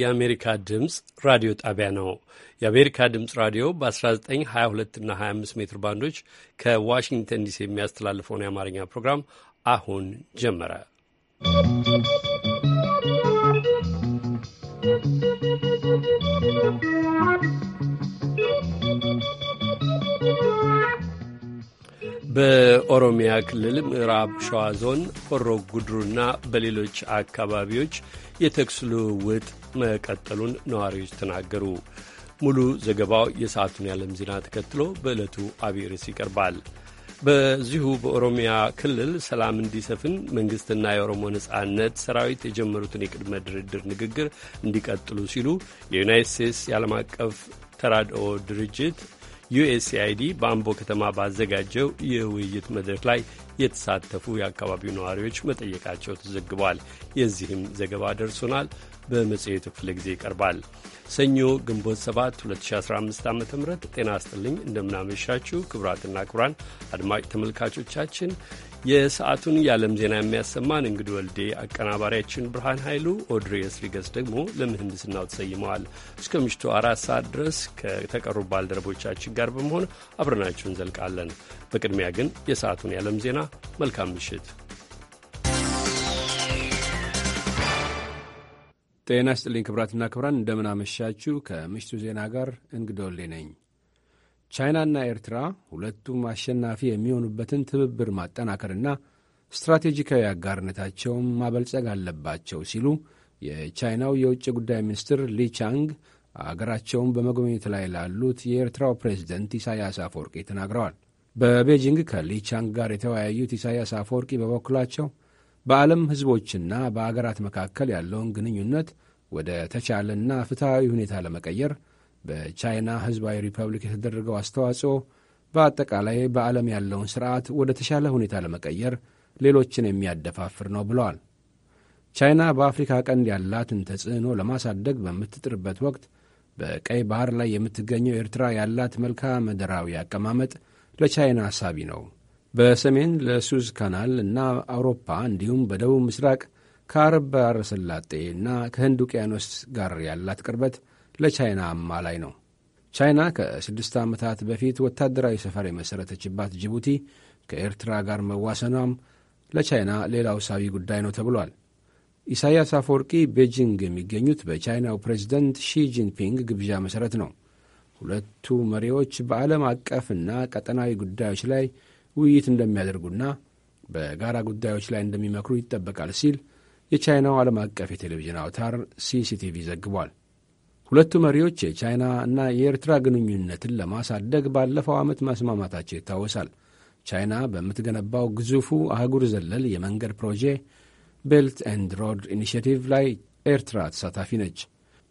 የአሜሪካ ድምፅ ራዲዮ ጣቢያ ነው። የአሜሪካ ድምፅ ራዲዮ በ1922 እና 25 ሜትር ባንዶች ከዋሽንግተን ዲሲ የሚያስተላልፈውን የአማርኛ ፕሮግራም አሁን ጀመረ። በኦሮሚያ ክልል ምዕራብ ሸዋ ዞን ሆሮ ጉድሩና በሌሎች አካባቢዎች የተኩስ ልውውጥ መቀጠሉን ነዋሪዎች ተናገሩ። ሙሉ ዘገባው የሰዓቱን የዓለም ዜና ተከትሎ በዕለቱ አብይ ርዕስ ይቀርባል። በዚሁ በኦሮሚያ ክልል ሰላም እንዲሰፍን መንግስትና የኦሮሞ ነጻነት ሰራዊት የጀመሩትን የቅድመ ድርድር ንግግር እንዲቀጥሉ ሲሉ የዩናይት ስቴትስ የዓለም አቀፍ ተራድኦ ድርጅት ዩኤስኤአይዲ በአምቦ ከተማ ባዘጋጀው የውይይት መድረክ ላይ የተሳተፉ የአካባቢው ነዋሪዎች መጠየቃቸው ተዘግቧል። የዚህም ዘገባ ደርሶናል፣ በመጽሔቱ ክፍለ ጊዜ ይቀርባል። ሰኞ ግንቦት 7 2015 ዓ ም ጤና ይስጥልኝ እንደምናመሻችሁ ክቡራትና ክቡራን አድማጭ ተመልካቾቻችን የሰዓቱን የዓለም ዜና የሚያሰማን እንግዲ ወልዴ፣ አቀናባሪያችን ብርሃን ኃይሉ፣ ኦድሬስ ሪገስ ደግሞ ለምህንድስናው ተሰይመዋል። እስከ ምሽቱ አራት ሰዓት ድረስ ከተቀሩ ባልደረቦቻችን ጋር በመሆን አብረናችሁ እንዘልቃለን። በቅድሚያ ግን የሰዓቱን የዓለም ዜና። መልካም ምሽት። ጤና ስጥልኝ ክብራትና ክብራን፣ እንደምናመሻችሁ። ከምሽቱ ዜና ጋር እንግዶልኝ ወልዴ ነኝ። ቻይናና ኤርትራ ሁለቱም አሸናፊ የሚሆኑበትን ትብብር ማጠናከርና ስትራቴጂካዊ አጋርነታቸውን ማበልጸግ አለባቸው ሲሉ የቻይናው የውጭ ጉዳይ ሚኒስትር ሊቻንግ አገራቸውን በመጎብኘት ላይ ላሉት የኤርትራው ፕሬዝደንት ኢሳያስ አፈወርቂ ተናግረዋል። በቤጂንግ ከሊቻንግ ጋር የተወያዩት ኢሳያስ አፈወርቂ በበኩላቸው በዓለም ሕዝቦችና በአገራት መካከል ያለውን ግንኙነት ወደ ተቻለና ፍትሐዊ ሁኔታ ለመቀየር በቻይና ህዝባዊ ሪፐብሊክ የተደረገው አስተዋጽኦ በአጠቃላይ በዓለም ያለውን ሥርዓት ወደ ተሻለ ሁኔታ ለመቀየር ሌሎችን የሚያደፋፍር ነው ብለዋል። ቻይና በአፍሪካ ቀንድ ያላትን ተጽዕኖ ለማሳደግ በምትጥርበት ወቅት በቀይ ባህር ላይ የምትገኘው ኤርትራ ያላት መልክዓ ምድራዊ አቀማመጥ ለቻይና ሳቢ ነው። በሰሜን ለሱዝ ካናል እና አውሮፓ እንዲሁም በደቡብ ምስራቅ ከአረብ ባሕረ ሰላጤ እና ከህንድ ውቅያኖስ ጋር ያላት ቅርበት ለቻይና አማላይ ነው። ቻይና ከስድስት ዓመታት በፊት ወታደራዊ ሰፈር የመሠረተችባት ጅቡቲ ከኤርትራ ጋር መዋሰኗም ለቻይና ሌላው ሳቢ ጉዳይ ነው ተብሏል። ኢሳያስ አፈወርቂ ቤጂንግ የሚገኙት በቻይናው ፕሬዚደንት ሺ ጂንፒንግ ግብዣ መሠረት ነው። ሁለቱ መሪዎች በዓለም አቀፍና ቀጠናዊ ጉዳዮች ላይ ውይይት እንደሚያደርጉና በጋራ ጉዳዮች ላይ እንደሚመክሩ ይጠበቃል ሲል የቻይናው ዓለም አቀፍ የቴሌቪዥን አውታር ሲሲቲቪ ዘግቧል። ሁለቱ መሪዎች የቻይና እና የኤርትራ ግንኙነትን ለማሳደግ ባለፈው ዓመት መስማማታቸው ይታወሳል። ቻይና በምትገነባው ግዙፉ አህጉር ዘለል የመንገድ ፕሮጄ ቤልት ኤንድ ሮድ ኢኒሽቲቭ ላይ ኤርትራ ተሳታፊ ነች።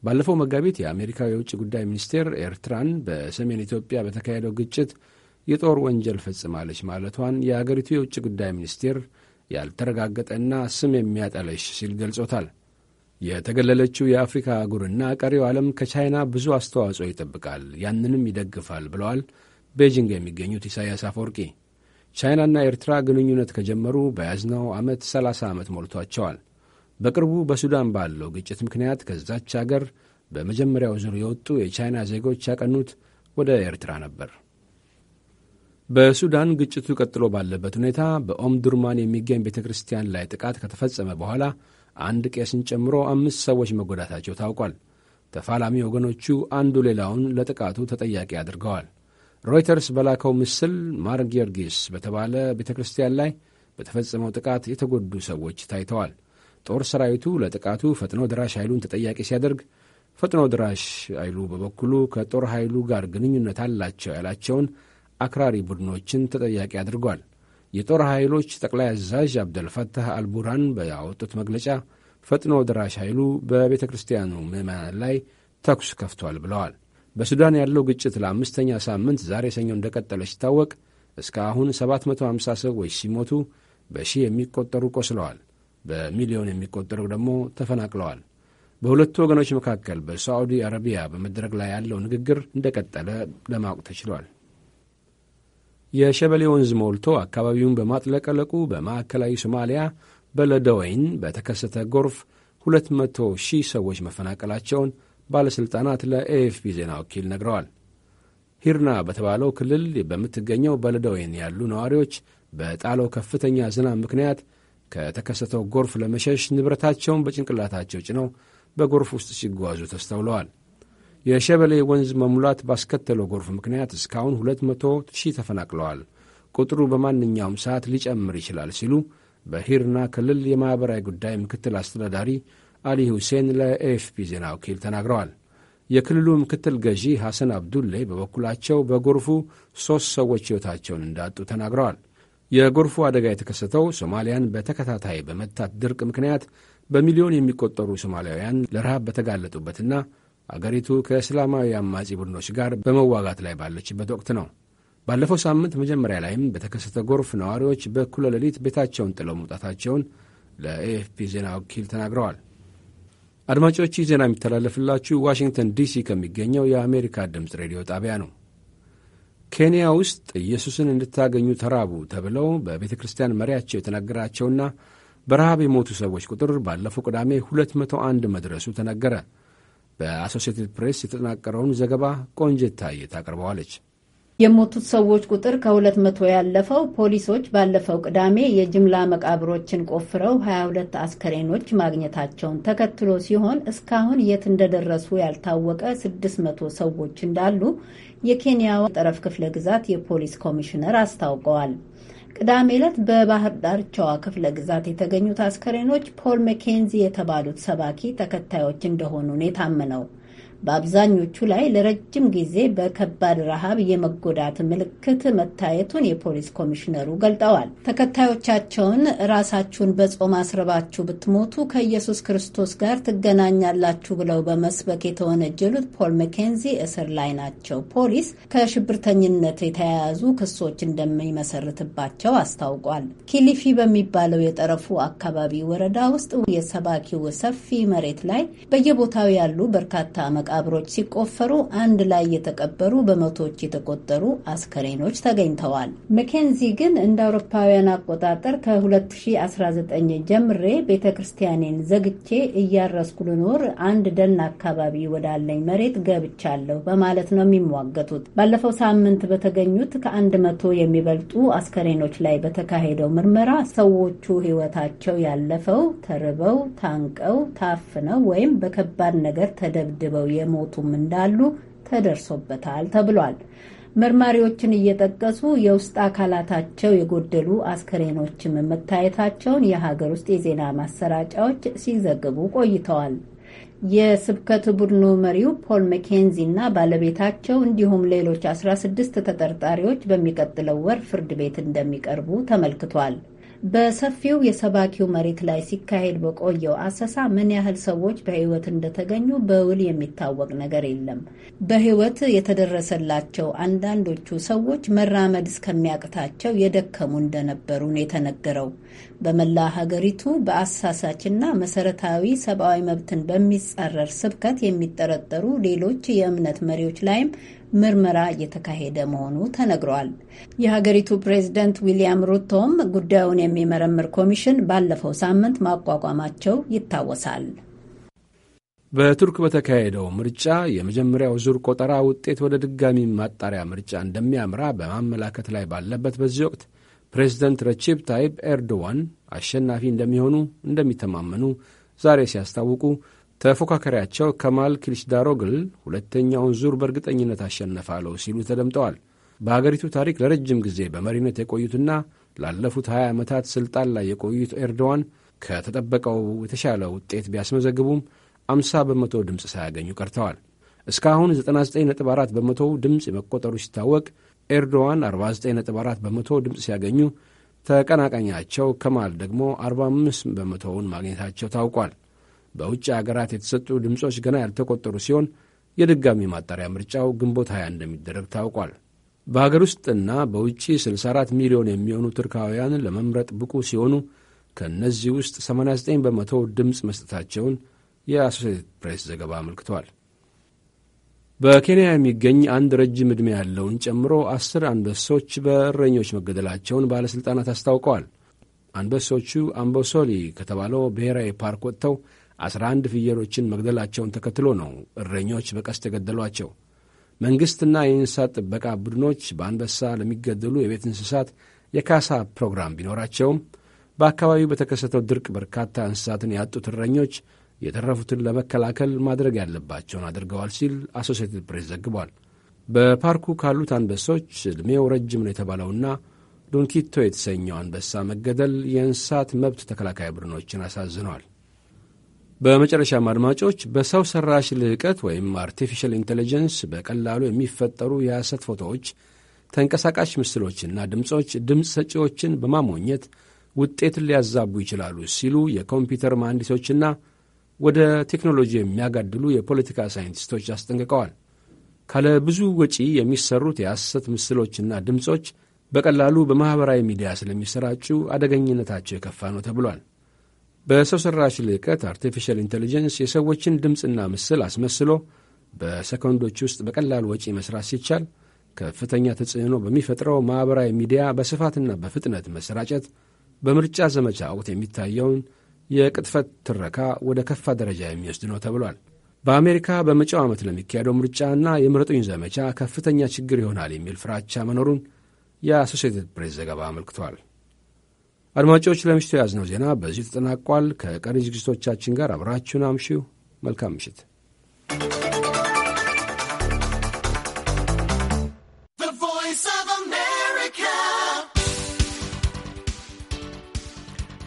ባለፈው መጋቢት የአሜሪካ የውጭ ጉዳይ ሚኒስቴር ኤርትራን በሰሜን ኢትዮጵያ በተካሄደው ግጭት የጦር ወንጀል ፈጽማለች ማለቷን የአገሪቱ የውጭ ጉዳይ ሚኒስቴር ያልተረጋገጠና ስም የሚያጠለሽ ሲል ገልጾታል። የተገለለችው የአፍሪካ አህጉርና ቀሪው ዓለም ከቻይና ብዙ አስተዋጽኦ ይጠብቃል፣ ያንንም ይደግፋል ብለዋል ቤጂንግ የሚገኙት ኢሳያስ አፈወርቂ። ቻይናና ኤርትራ ግንኙነት ከጀመሩ በያዝነው ዓመት 30 ዓመት ሞልቷቸዋል። በቅርቡ በሱዳን ባለው ግጭት ምክንያት ከዛች አገር በመጀመሪያው ዙር የወጡ የቻይና ዜጎች ያቀኑት ወደ ኤርትራ ነበር። በሱዳን ግጭቱ ቀጥሎ ባለበት ሁኔታ በኦምዱርማን የሚገኝ ቤተ ክርስቲያን ላይ ጥቃት ከተፈጸመ በኋላ አንድ ቄስን ጨምሮ አምስት ሰዎች መጎዳታቸው ታውቋል። ተፋላሚ ወገኖቹ አንዱ ሌላውን ለጥቃቱ ተጠያቂ አድርገዋል። ሮይተርስ በላከው ምስል ማር ጊዮርጊስ በተባለ ቤተ ክርስቲያን ላይ በተፈጸመው ጥቃት የተጎዱ ሰዎች ታይተዋል። ጦር ሰራዊቱ ለጥቃቱ ፈጥኖ ድራሽ ኃይሉን ተጠያቂ ሲያደርግ፣ ፈጥኖ ድራሽ ኃይሉ በበኩሉ ከጦር ኃይሉ ጋር ግንኙነት አላቸው ያላቸውን አክራሪ ቡድኖችን ተጠያቂ አድርጓል። የጦር ኃይሎች ጠቅላይ አዛዥ አብደልፈታህ አልቡርሃን በያወጡት መግለጫ ፈጥኖ ደራሽ ኃይሉ በቤተ ክርስቲያኑ ምዕመናን ላይ ተኩስ ከፍቷል ብለዋል። በሱዳን ያለው ግጭት ለአምስተኛ ሳምንት ዛሬ ሰኞ እንደቀጠለ ሲታወቅ እስካሁን 750 ሰዎች ሲሞቱ በሺህ የሚቆጠሩ ቆስለዋል፣ በሚሊዮን የሚቆጠሩ ደግሞ ተፈናቅለዋል። በሁለቱ ወገኖች መካከል በሳዑዲ አረቢያ በመድረግ ላይ ያለው ንግግር እንደቀጠለ ለማወቅ ተችሏል። የሸበሌ ወንዝ ሞልቶ አካባቢውን በማጥለቀለቁ በማዕከላዊ ሶማሊያ በለደወይን በተከሰተ ጎርፍ 200 ሺህ ሰዎች መፈናቀላቸውን ባለሥልጣናት ለኤኤፍፒ ዜና ወኪል ነግረዋል። ሂርና በተባለው ክልል በምትገኘው በለደወይን ያሉ ነዋሪዎች በጣለው ከፍተኛ ዝናብ ምክንያት ከተከሰተው ጎርፍ ለመሸሽ ንብረታቸውን በጭንቅላታቸው ጭነው በጎርፍ ውስጥ ሲጓዙ ተስተውለዋል። የሸበሌ ወንዝ መሙላት ባስከተለው ጎርፍ ምክንያት እስካሁን ሁለት መቶ ሺህ ተፈናቅለዋል። ቁጥሩ በማንኛውም ሰዓት ሊጨምር ይችላል ሲሉ በሂርና ክልል የማኅበራዊ ጉዳይ ምክትል አስተዳዳሪ አሊ ሁሴን ለኤኤፍፒ ዜና ወኪል ተናግረዋል። የክልሉ ምክትል ገዢ ሐሰን አብዱሌ በበኩላቸው በጎርፉ ሦስት ሰዎች ሕይወታቸውን እንዳጡ ተናግረዋል። የጎርፉ አደጋ የተከሰተው ሶማሊያን በተከታታይ በመታት ድርቅ ምክንያት በሚሊዮን የሚቆጠሩ ሶማሊያውያን ለረሃብ በተጋለጡበትና አገሪቱ ከእስላማዊ አማጺ ቡድኖች ጋር በመዋጋት ላይ ባለችበት ወቅት ነው። ባለፈው ሳምንት መጀመሪያ ላይም በተከሰተ ጎርፍ ነዋሪዎች በእኩለ ሌሊት ቤታቸውን ጥለው መውጣታቸውን ለኤኤፍፒ ዜና ወኪል ተናግረዋል። አድማጮች ይህ ዜና የሚተላለፍላችሁ ዋሽንግተን ዲሲ ከሚገኘው የአሜሪካ ድምፅ ሬዲዮ ጣቢያ ነው። ኬንያ ውስጥ ኢየሱስን እንድታገኙ ተራቡ ተብለው በቤተ ክርስቲያን መሪያቸው የተነገራቸውና በረሃብ የሞቱ ሰዎች ቁጥር ባለፈው ቅዳሜ 201 መድረሱ ተነገረ። በአሶሲየትድ ፕሬስ የተጠናቀረውን ዘገባ ቆንጅት ታዬ ታቀርበዋለች። የሞቱት ሰዎች ቁጥር ከሁለት መቶ ያለፈው ፖሊሶች ባለፈው ቅዳሜ የጅምላ መቃብሮችን ቆፍረው 22 አስከሬኖች ማግኘታቸውን ተከትሎ ሲሆን እስካሁን የት እንደደረሱ ያልታወቀ 600 ሰዎች እንዳሉ የኬንያው ጠረፍ ክፍለ ግዛት የፖሊስ ኮሚሽነር አስታውቀዋል። ቅዳሜ ዕለት በባህር ዳርቻዋ ክፍለ ግዛት የተገኙት አስከሬኖች ፖል መኬንዚ የተባሉት ሰባኪ ተከታዮች እንደሆኑ ነው የታመነው። በአብዛኞቹ ላይ ለረጅም ጊዜ በከባድ ረሃብ የመጎዳት ምልክት መታየቱን የፖሊስ ኮሚሽነሩ ገልጠዋል። ተከታዮቻቸውን ራሳችሁን በጾም አስረባችሁ ብትሞቱ ከኢየሱስ ክርስቶስ ጋር ትገናኛላችሁ ብለው በመስበክ የተወነጀሉት ፖል መኬንዚ እስር ላይ ናቸው። ፖሊስ ከሽብርተኝነት የተያያዙ ክሶች እንደሚመሰርትባቸው አስታውቋል። ኪሊፊ በሚባለው የጠረፉ አካባቢ ወረዳ ውስጥ የሰባኪው ሰፊ መሬት ላይ በየቦታው ያሉ በርካታ መቃ መቃብሮች ሲቆፈሩ አንድ ላይ የተቀበሩ በመቶዎች የተቆጠሩ አስከሬኖች ተገኝተዋል። መኬንዚ ግን እንደ አውሮፓውያን አቆጣጠር ከ2019 ጀምሬ ቤተ ክርስቲያኔን ዘግቼ እያረስኩ ልኖር አንድ ደን አካባቢ ወዳለኝ መሬት ገብቻለሁ በማለት ነው የሚሟገቱት። ባለፈው ሳምንት በተገኙት ከአንድ መቶ የሚበልጡ አስከሬኖች ላይ በተካሄደው ምርመራ ሰዎቹ ሕይወታቸው ያለፈው ተርበው ታንቀው ታፍነው ወይም በከባድ ነገር ተደብድበው የሞቱም እንዳሉ ተደርሶበታል ተብሏል። መርማሪዎችን እየጠቀሱ የውስጥ አካላታቸው የጎደሉ አስከሬኖችም መታየታቸውን የሀገር ውስጥ የዜና ማሰራጫዎች ሲዘግቡ ቆይተዋል። የስብከት ቡድኑ መሪው ፖል መኬንዚ እና ባለቤታቸው እንዲሁም ሌሎች 16 ተጠርጣሪዎች በሚቀጥለው ወር ፍርድ ቤት እንደሚቀርቡ ተመልክቷል። በሰፊው የሰባኪው መሬት ላይ ሲካሄድ በቆየው አሰሳ ምን ያህል ሰዎች በሕይወት እንደተገኙ በውል የሚታወቅ ነገር የለም። በሕይወት የተደረሰላቸው አንዳንዶቹ ሰዎች መራመድ እስከሚያቅታቸው የደከሙ እንደነበሩ ነው የተነገረው። በመላ ሀገሪቱ በአሳሳችና መሰረታዊ ሰብአዊ መብትን በሚጻረር ስብከት የሚጠረጠሩ ሌሎች የእምነት መሪዎች ላይም ምርመራ እየተካሄደ መሆኑ ተነግሯል። የሀገሪቱ ፕሬዝደንት ዊሊያም ሩቶም ጉዳዩን የሚመረምር ኮሚሽን ባለፈው ሳምንት ማቋቋማቸው ይታወሳል። በቱርክ በተካሄደው ምርጫ የመጀመሪያው ዙር ቆጠራ ውጤት ወደ ድጋሚ ማጣሪያ ምርጫ እንደሚያምራ በማመላከት ላይ ባለበት በዚህ ወቅት ፕሬዝደንት ረቺፕ ታይፕ ኤርዶዋን አሸናፊ እንደሚሆኑ እንደሚተማመኑ ዛሬ ሲያስታውቁ ተፎካካሪያቸው ከማል ክሊችዳሮግል ሁለተኛውን ዙር በእርግጠኝነት አሸነፋለሁ ሲሉ ተደምጠዋል። በአገሪቱ ታሪክ ለረጅም ጊዜ በመሪነት የቆዩትና ላለፉት 20 ዓመታት ስልጣን ላይ የቆዩት ኤርዶዋን ከተጠበቀው የተሻለ ውጤት ቢያስመዘግቡም 50 በመቶ ድምፅ ሳያገኙ ቀርተዋል። እስካሁን 99.4 በመቶ ድምፅ መቆጠሩ ሲታወቅ ኤርዶዋን 49.4 በመቶ ድምፅ ሲያገኙ፣ ተቀናቃኛቸው ከማል ደግሞ 45 በመቶውን ማግኘታቸው ታውቋል። በውጭ አገራት የተሰጡ ድምፆች ገና ያልተቆጠሩ ሲሆን የድጋሚ ማጣሪያ ምርጫው ግንቦት 20 እንደሚደረግ ታውቋል። በሀገር ውስጥና በውጭ 64 ሚሊዮን የሚሆኑ ቱርካውያን ለመምረጥ ብቁ ሲሆኑ ከእነዚህ ውስጥ 89 በመቶ ድምፅ መስጠታቸውን የአሶሴትድ ፕሬስ ዘገባ አመልክቷል። በኬንያ የሚገኝ አንድ ረጅም ዕድሜ ያለውን ጨምሮ አስር አንበሶች በእረኞች መገደላቸውን ባለሥልጣናት አስታውቀዋል። አንበሶቹ አምቦሶሊ ከተባለው ብሔራዊ ፓርክ ወጥተው 11 ፍየሎችን መግደላቸውን ተከትሎ ነው እረኞች በቀስት የገደሏቸው። መንግሥትና የእንስሳት ጥበቃ ቡድኖች በአንበሳ ለሚገደሉ የቤት እንስሳት የካሳ ፕሮግራም ቢኖራቸውም በአካባቢው በተከሰተው ድርቅ በርካታ እንስሳትን ያጡት እረኞች የተረፉትን ለመከላከል ማድረግ ያለባቸውን አድርገዋል ሲል አሶሴትድ ፕሬስ ዘግቧል። በፓርኩ ካሉት አንበሶች ዕድሜው ረጅም ነው የተባለውና ዶንኪቶ የተሰኘው አንበሳ መገደል የእንስሳት መብት ተከላካይ ቡድኖችን አሳዝኗል። በመጨረሻም አድማጮች በሰው ሰራሽ ልዕቀት ወይም አርቲፊሻል ኢንቴሊጀንስ በቀላሉ የሚፈጠሩ የሐሰት ፎቶዎች፣ ተንቀሳቃሽ ምስሎችና ድምፆች ድምፅ ሰጪዎችን በማሞኘት ውጤትን ሊያዛቡ ይችላሉ ሲሉ የኮምፒውተር መሐንዲሶችና ወደ ቴክኖሎጂ የሚያጋድሉ የፖለቲካ ሳይንቲስቶች አስጠንቅቀዋል። ካለ ብዙ ወጪ የሚሰሩት የሐሰት ምስሎችና ድምፆች በቀላሉ በማኅበራዊ ሚዲያ ስለሚሰራጩ አደገኝነታቸው የከፋ ነው ተብሏል። በሰው ሠራሽ ልዕቀት አርቲፊሻል ኢንቴሊጀንስ የሰዎችን ድምፅና ምስል አስመስሎ በሰኮንዶች ውስጥ በቀላል ወጪ መሥራት ሲቻል ከፍተኛ ተጽዕኖ በሚፈጥረው ማኅበራዊ ሚዲያ በስፋትና በፍጥነት መሰራጨት በምርጫ ዘመቻ ወቅት የሚታየውን የቅጥፈት ትረካ ወደ ከፋ ደረጃ የሚወስድ ነው ተብሏል። በአሜሪካ በመጪው ዓመት ለሚካሄደው ምርጫና የምረጡኝ ዘመቻ ከፍተኛ ችግር ይሆናል የሚል ፍራቻ መኖሩን የአሶሴትድ ፕሬስ ዘገባ አመልክቷል። አድማጮች፣ ለምሽቱ የያዝነው ዜና በዚሁ ተጠናቋል። ከቀሪ ዝግጅቶቻችን ጋር አብራችሁን አምሺው። መልካም ምሽት።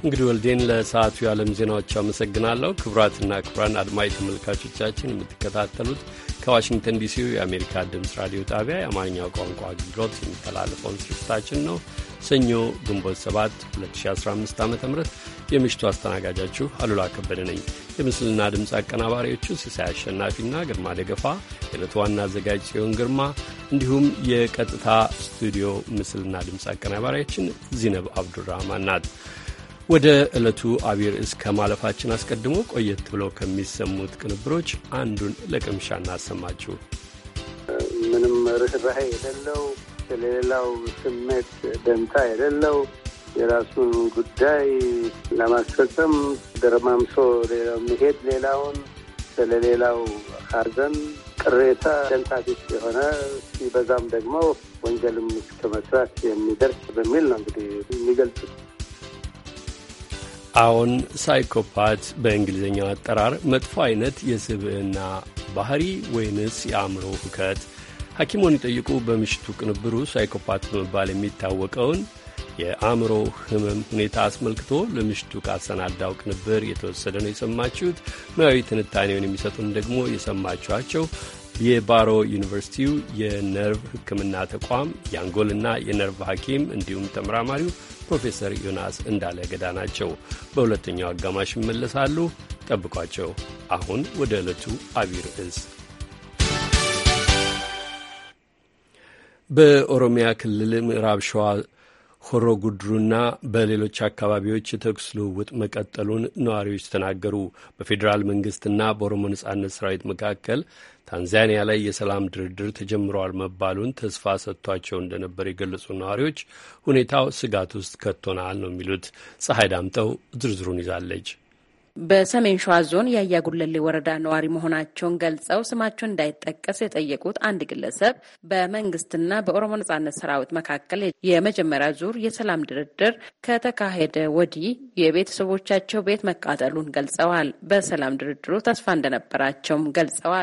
እንግዲህ ወልዴን ለሰዓቱ የዓለም ዜናዎች አመሰግናለሁ። ክቡራትና ክቡራን አድማጭ ተመልካቾቻችን የምትከታተሉት ከዋሽንግተን ዲሲው የአሜሪካ ድምፅ ራዲዮ ጣቢያ የአማርኛው ቋንቋ አገልግሎት የሚተላለፈውን ስርጭታችን ነው። ሰኞ ግንቦት 7 2015 ዓ ም የምሽቱ አስተናጋጃችሁ አሉላ ከበደ ነኝ። የምስልና ድምፅ አቀናባሪዎቹ ሲሳይ አሸናፊና ግርማ ደገፋ፣ የዕለቱ ዋና አዘጋጅ ጽዮን ግርማ፣ እንዲሁም የቀጥታ ስቱዲዮ ምስልና ድምፅ አቀናባሪያችን ዚነብ አብዱራህማን ናት። ወደ ዕለቱ አቢይ ርዕስ ከማለፋችን አስቀድሞ ቆየት ብለው ከሚሰሙት ቅንብሮች አንዱን ለቅምሻ እናሰማችሁ። ምንም ርኅራኄ የሌለው ስለሌላው ስሜት ደንታ የሌለው የራሱን ጉዳይ ለማስፈጸም ደረማምሶ መሄድ ሌላውን ስለሌላው ሐዘን ቅሬታ ደንታ ቢስ የሆነ ሲበዛም ደግሞ ወንጀልም እስከ መስራት የሚደርስ በሚል ነው እንግዲህ የሚገልጹት። አሁን ሳይኮፓት በእንግሊዝኛው አጠራር መጥፎ አይነት የስብዕና ባህሪ ወይንስ የአእምሮ ሁከት ሐኪሞን ይጠይቁ በምሽቱ ቅንብሩ ሳይኮፓት በመባል የሚታወቀውን የአእምሮ ህመም ሁኔታ አስመልክቶ ለምሽቱ ካሰናዳው ቅንብር የተወሰደ ነው የሰማችሁት። ሙያዊ ትንታኔውን የሚሰጡን ደግሞ የሰማችኋቸው የባሮ ዩኒቨርሲቲው የነርቭ ሕክምና ተቋም የአንጎልና የነርቭ ሐኪም እንዲሁም ተመራማሪው ፕሮፌሰር ዮናስ እንዳለ ገዳ ናቸው። በሁለተኛው አጋማሽ ይመለሳሉ። ጠብቋቸው። አሁን ወደ ዕለቱ አቢይ ርዕስ በኦሮሚያ ክልል ምዕራብ ሸዋ ሆሮ ጉድሩና በሌሎች አካባቢዎች የተኩስ ልውውጥ መቀጠሉን ነዋሪዎች ተናገሩ። በፌዴራል መንግስትና በኦሮሞ ነጻነት ሰራዊት መካከል ታንዛኒያ ላይ የሰላም ድርድር ተጀምረዋል መባሉን ተስፋ ሰጥቷቸው እንደነበር የገለጹ ነዋሪዎች ሁኔታው ስጋት ውስጥ ከቶናል ነው የሚሉት። ፀሐይ ዳምጠው ዝርዝሩን ይዛለች። በሰሜን ሸዋ ዞን የአያ ጉለሌ ወረዳ ነዋሪ መሆናቸውን ገልጸው ስማቸውን እንዳይጠቀስ የጠየቁት አንድ ግለሰብ በመንግስትና በኦሮሞ ነጻነት ሰራዊት መካከል የመጀመሪያ ዙር የሰላም ድርድር ከተካሄደ ወዲህ የቤተሰቦቻቸው ቤት መቃጠሉን ገልጸዋል። በሰላም ድርድሩ ተስፋ እንደነበራቸውም ገልጸዋል።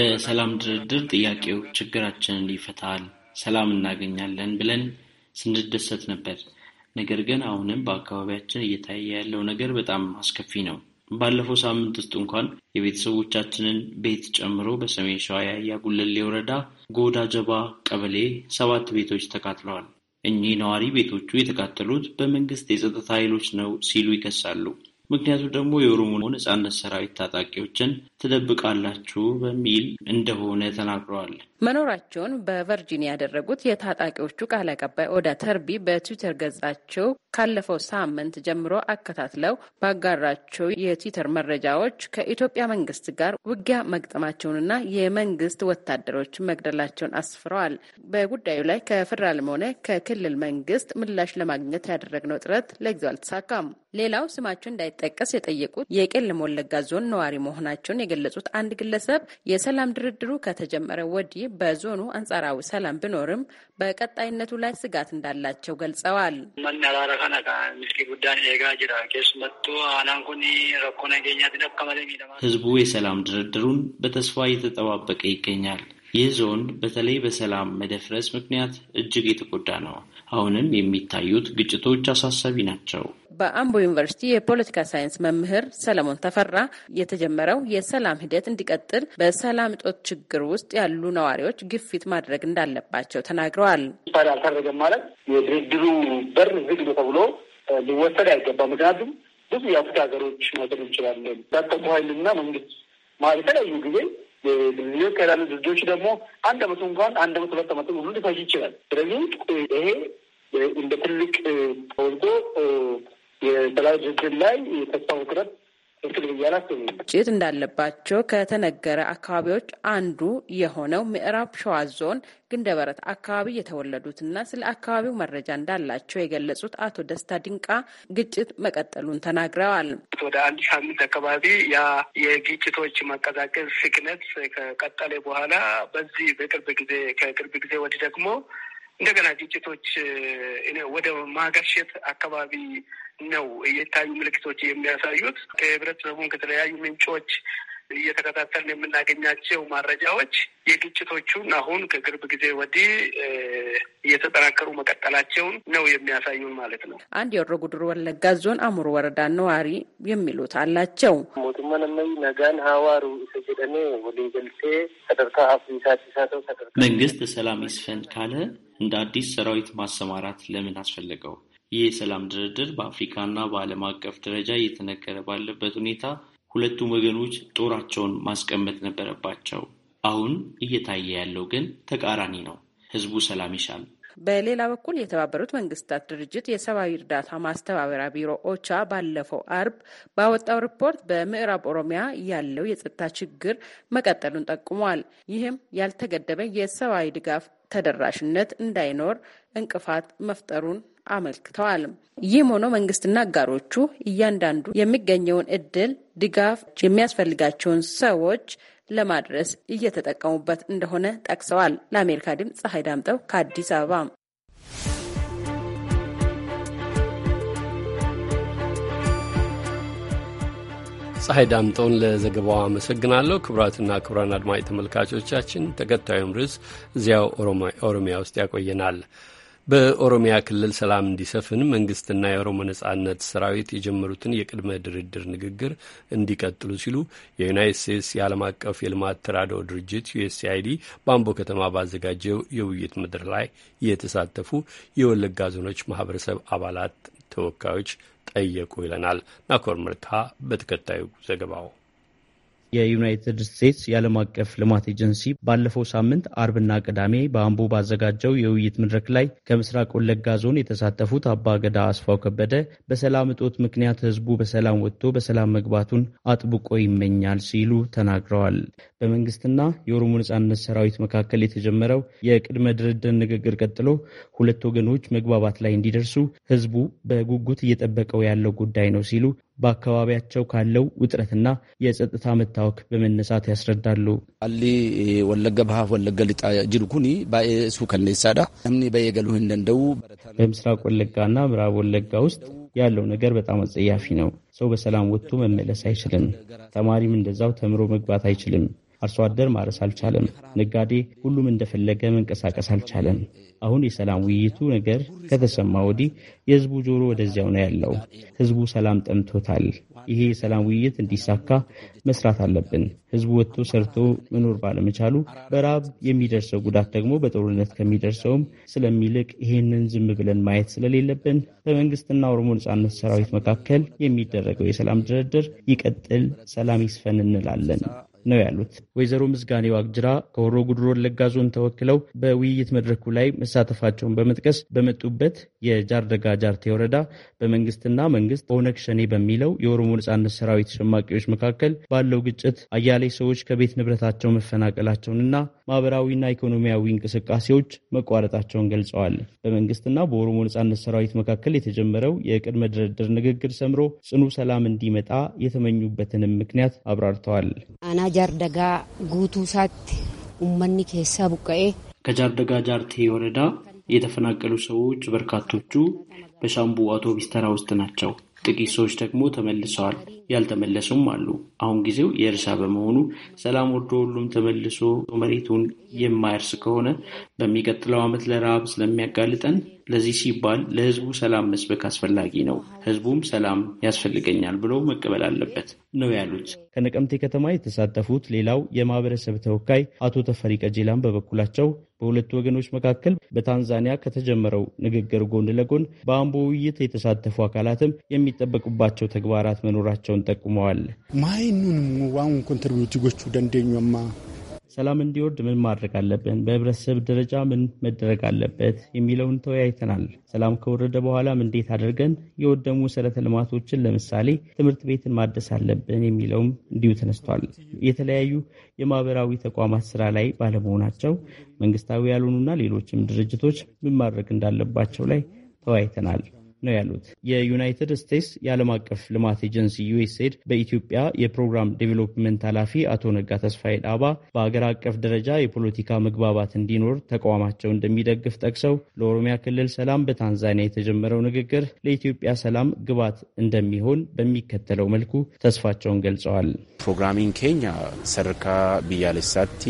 በሰላም ድርድር ጥያቄው ችግራችንን ይፈታል፣ ሰላም እናገኛለን ብለን ስንደሰት ነበር። ነገር ግን አሁንም በአካባቢያችን እየታየ ያለው ነገር በጣም አስከፊ ነው። ባለፈው ሳምንት ውስጥ እንኳን የቤተሰቦቻችንን ቤት ጨምሮ በሰሜን ሸዋ ያያ ጉለሌ ወረዳ ጎዳ ጀባ ቀበሌ ሰባት ቤቶች ተቃጥለዋል። እኚህ ነዋሪ ቤቶቹ የተቃጠሉት በመንግስት የጸጥታ ኃይሎች ነው ሲሉ ይከሳሉ። ምክንያቱ ደግሞ የኦሮሞ ነጻነት ሰራዊት ታጣቂዎችን ትደብቃላችሁ በሚል እንደሆነ ተናግረዋል። መኖራቸውን በቨርጂኒያ ያደረጉት የታጣቂዎቹ ቃል አቀባይ ኦዳ ተርቢ በትዊተር ገጻቸው ካለፈው ሳምንት ጀምሮ አከታትለው ባጋራቸው የትዊተር መረጃዎች ከኢትዮጵያ መንግስት ጋር ውጊያ መግጠማቸውንና የመንግስት ወታደሮች መግደላቸውን አስፍረዋል። በጉዳዩ ላይ ከፌደራልም ሆነ ከክልል መንግስት ምላሽ ለማግኘት ያደረግነው ጥረት ለጊዜው አልተሳካም። ሌላው ስማቸው እንዳይጠቀስ የጠየቁት የቄለም ወለጋ ዞን ነዋሪ መሆናቸውን የገለጹት አንድ ግለሰብ የሰላም ድርድሩ ከተጀመረ ወዲህ በዞኑ አንጻራዊ ሰላም ቢኖርም በቀጣይነቱ ላይ ስጋት እንዳላቸው ገልጸዋል። ህዝቡ የሰላም ድርድሩን በተስፋ እየተጠባበቀ ይገኛል። ይህ ዞን በተለይ በሰላም መደፍረስ ምክንያት እጅግ የተጎዳ ነው። አሁንም የሚታዩት ግጭቶች አሳሳቢ ናቸው። በአምቦ ዩኒቨርሲቲ የፖለቲካ ሳይንስ መምህር ሰለሞን ተፈራ የተጀመረው የሰላም ሂደት እንዲቀጥል በሰላም እጦት ችግር ውስጥ ያሉ ነዋሪዎች ግፊት ማድረግ እንዳለባቸው ተናግረዋል። ሳድ አልተደረገም ማለት የድርድሩ በር ዝግ ተብሎ ሊወሰድ አይገባም። ምክንያቱም ብዙ የአፍሪካ ሀገሮች ማድረግ እንችላለን ያጠቁ ኃይልና መንግስት ማለት የተለያዩ ጊዜ ሌሎች ከዳሉ ድርጅቶች ደግሞ አንድ አመቱ እንኳን አንድ አመት ሁለት አመት ሁሉ ሊፈጅ ይችላል። ስለዚህ ይሄ እንደ ትልቅ ወልቆ የተለያዩ ድርድር ላይ የተስፋው ውቅረት ግጭት እንዳለባቸው ከተነገረ አካባቢዎች አንዱ የሆነው ምዕራብ ሸዋ ዞን ግንደበረት አካባቢ የተወለዱትና ስለ አካባቢው መረጃ እንዳላቸው የገለጹት አቶ ደስታ ድንቃ ግጭት መቀጠሉን ተናግረዋል። ወደ አንድ ሳምንት አካባቢ ያ የግጭቶች ማቀዛቀዝ ስክነት ከቀጠለ በኋላ በዚህ በቅርብ ጊዜ ከቅርብ ጊዜ ወዲህ ደግሞ እንደገና ግጭቶች ወደ ማገርሸት አካባቢ ነው የታዩ ምልክቶች የሚያሳዩት። ከህብረተሰቡን ከተለያዩ ምንጮች እየተከታተልን የምናገኛቸው ማረጃዎች የግጭቶቹን አሁን ከቅርብ ጊዜ ወዲህ እየተጠናከሩ መቀጠላቸውን ነው የሚያሳዩን ማለት ነው። አንድ የሆሮ ጉዱሩ ወለጋ ዞን አሙር ወረዳ ነዋሪ የሚሉት አላቸው። መንግስት ሰላም ይስፈን ካለ እንደ አዲስ ሰራዊት ማሰማራት ለምን አስፈለገው? ይህ የሰላም ድርድር በአፍሪካና በዓለም አቀፍ ደረጃ እየተነገረ ባለበት ሁኔታ ሁለቱም ወገኖች ጦራቸውን ማስቀመጥ ነበረባቸው። አሁን እየታየ ያለው ግን ተቃራኒ ነው። ህዝቡ ሰላም ይሻል። በሌላ በኩል የተባበሩት መንግስታት ድርጅት የሰብአዊ እርዳታ ማስተባበሪያ ቢሮ ኦቻ ባለፈው አርብ ባወጣው ሪፖርት በምዕራብ ኦሮሚያ ያለው የጸጥታ ችግር መቀጠሉን ጠቁሟል። ይህም ያልተገደበ የሰብአዊ ድጋፍ ተደራሽነት እንዳይኖር እንቅፋት መፍጠሩን አመልክተዋል። ይህም ሆኖ መንግስትና አጋሮቹ እያንዳንዱ የሚገኘውን እድል ድጋፍ የሚያስፈልጋቸውን ሰዎች ለማድረስ እየተጠቀሙበት እንደሆነ ጠቅሰዋል። ለአሜሪካ ድምፅ ፀሐይ ዳምጠው ከአዲስ አበባ። ፀሐይ ዳምጠውን ለዘገባው አመሰግናለሁ። ክቡራትና ክቡራን አድማጭ ተመልካቾቻችን ተከታዩም ርዕስ እዚያው ኦሮሚያ ውስጥ ያቆየናል። በኦሮሚያ ክልል ሰላም እንዲሰፍን መንግስትና የኦሮሞ ነጻነት ሰራዊት የጀመሩትን የቅድመ ድርድር ንግግር እንዲቀጥሉ ሲሉ የዩናይት ስቴትስ የዓለም አቀፍ የልማት ተራድኦ ድርጅት ዩኤስአይዲ በአምቦ ከተማ ባዘጋጀው የውይይት ምድር ላይ የተሳተፉ የወለጋ ዞኖች ማህበረሰብ አባላት ተወካዮች ጠየቁ ይለናል ናኮር ምርታ በተከታዩ ዘገባው። የዩናይትድ ስቴትስ የዓለም አቀፍ ልማት ኤጀንሲ ባለፈው ሳምንት አርብና ቅዳሜ በአምቦ ባዘጋጀው የውይይት መድረክ ላይ ከምስራቅ ወለጋ ዞን የተሳተፉት አባ ገዳ አስፋው ከበደ በሰላም እጦት ምክንያት ህዝቡ በሰላም ወጥቶ በሰላም መግባቱን አጥብቆ ይመኛል ሲሉ ተናግረዋል። በመንግስትና የኦሮሞ ነጻነት ሰራዊት መካከል የተጀመረው የቅድመ ድርድር ንግግር ቀጥሎ ሁለት ወገኖች መግባባት ላይ እንዲደርሱ ህዝቡ በጉጉት እየጠበቀው ያለው ጉዳይ ነው ሲሉ በአካባቢያቸው ካለው ውጥረትና የጸጥታ መታወክ በመነሳት ያስረዳሉ። አሊ ወለገ ባሃፍ ወለገ ሊጣ ጅሩ ኩኒ ባኤሱ ከነሳዳ እምኒ በየገሉ እንደንደው በምስራቅ ወለጋና ምዕራብ ወለጋ ውስጥ ያለው ነገር በጣም አጸያፊ ነው። ሰው በሰላም ወጥቶ መመለስ አይችልም። ተማሪም እንደዛው ተምሮ መግባት አይችልም። አርሶ አደር ማረስ አልቻለም። ነጋዴ፣ ሁሉም እንደፈለገ መንቀሳቀስ አልቻለም። አሁን የሰላም ውይይቱ ነገር ከተሰማ ወዲህ የህዝቡ ጆሮ ወደዚያው ነው ያለው። ህዝቡ ሰላም ጠምቶታል። ይሄ የሰላም ውይይት እንዲሳካ መስራት አለብን። ህዝቡ ወጥቶ ሰርቶ መኖር ባለመቻሉ በራብ የሚደርሰው ጉዳት ደግሞ በጦርነት ከሚደርሰውም ስለሚልቅ ይህንን ዝም ብለን ማየት ስለሌለብን በመንግስትና ኦሮሞ ነጻነት ሰራዊት መካከል የሚደረገው የሰላም ድርድር ይቀጥል፣ ሰላም ይስፈን እንላለን። ነው ያሉት ወይዘሮ ምስጋኔ ዋቅጅራ ከሆሮ ጉድሮ ወለጋ ዞን ተወክለው በውይይት መድረኩ ላይ መሳተፋቸውን በመጥቀስ በመጡበት የጃርደጋ ጃርቴ ወረዳ በመንግስትና መንግስት በኦነግ ሸኔ በሚለው የኦሮሞ ነጻነት ሰራዊት ሸማቂዎች መካከል ባለው ግጭት አያሌ ሰዎች ከቤት ንብረታቸው መፈናቀላቸውንና ማህበራዊና ኢኮኖሚያዊ እንቅስቃሴዎች መቋረጣቸውን ገልጸዋል። በመንግስትና በኦሮሞ ነጻነት ሰራዊት መካከል የተጀመረው የቅድመ ድርድር ንግግር ሰምሮ ጽኑ ሰላም እንዲመጣ የተመኙበትንም ምክንያት አብራርተዋል። ጃርደጋ ጉቱ ኡመኒ ኬሳ ቡቀኤ ከጃርደጋ ጃርቴ ወረዳ የተፈናቀሉ ሰዎች በርካቶቹ በሻምቡ አውቶቡስ ተራ ውስጥ ናቸው። ጥቂት ሰዎች ደግሞ ተመልሰዋል። ያልተመለሱም አሉ። አሁን ጊዜው የእርሻ በመሆኑ ሰላም ወርዶ ሁሉም ተመልሶ መሬቱን የማያርስ ከሆነ በሚቀጥለው ዓመት ለረሃብ ስለሚያጋልጠን ለዚህ ሲባል ለህዝቡ ሰላም መስበክ አስፈላጊ ነው። ህዝቡም ሰላም ያስፈልገኛል ብሎ መቀበል አለበት ነው ያሉት። ከነቀምቴ ከተማ የተሳተፉት ሌላው የማህበረሰብ ተወካይ አቶ ተፈሪ ቀጀላን በበኩላቸው በሁለቱ ወገኖች መካከል በታንዛኒያ ከተጀመረው ንግግር ጎን ለጎን በአምቦ ውይይት የተሳተፉ አካላትም የሚጠበቁባቸው ተግባራት መኖራቸውን ጠቁመዋል። ማይኑን ዋን ኮንትሪቢዩቲጎቹ ደንደኛማ ሰላም እንዲወርድ ምን ማድረግ አለብን፣ በህብረተሰብ ደረጃ ምን መደረግ አለበት የሚለውን ተወያይተናል። ሰላም ከወረደ በኋላም እንዴት አድርገን የወደሙ መሰረተ ልማቶችን ለምሳሌ ትምህርት ቤትን ማደስ አለብን የሚለውም እንዲሁ ተነስቷል። የተለያዩ የማህበራዊ ተቋማት ስራ ላይ ባለመሆናቸው መንግስታዊ ያልሆኑና ሌሎችም ድርጅቶች ምን ማድረግ እንዳለባቸው ላይ ተወያይተናል። ነው ያሉት። የዩናይትድ ስቴትስ የዓለም አቀፍ ልማት ኤጀንሲ ዩኤስኤድ በኢትዮጵያ የፕሮግራም ዴቨሎፕመንት ኃላፊ አቶ ነጋ ተስፋዬ ዳባ በአገር አቀፍ ደረጃ የፖለቲካ መግባባት እንዲኖር ተቋማቸው እንደሚደግፍ ጠቅሰው ለኦሮሚያ ክልል ሰላም በታንዛኒያ የተጀመረው ንግግር ለኢትዮጵያ ሰላም ግባት እንደሚሆን በሚከተለው መልኩ ተስፋቸውን ገልጸዋል። ፕሮግራሚን ኬኛ ሰርካ ብያለሳቲ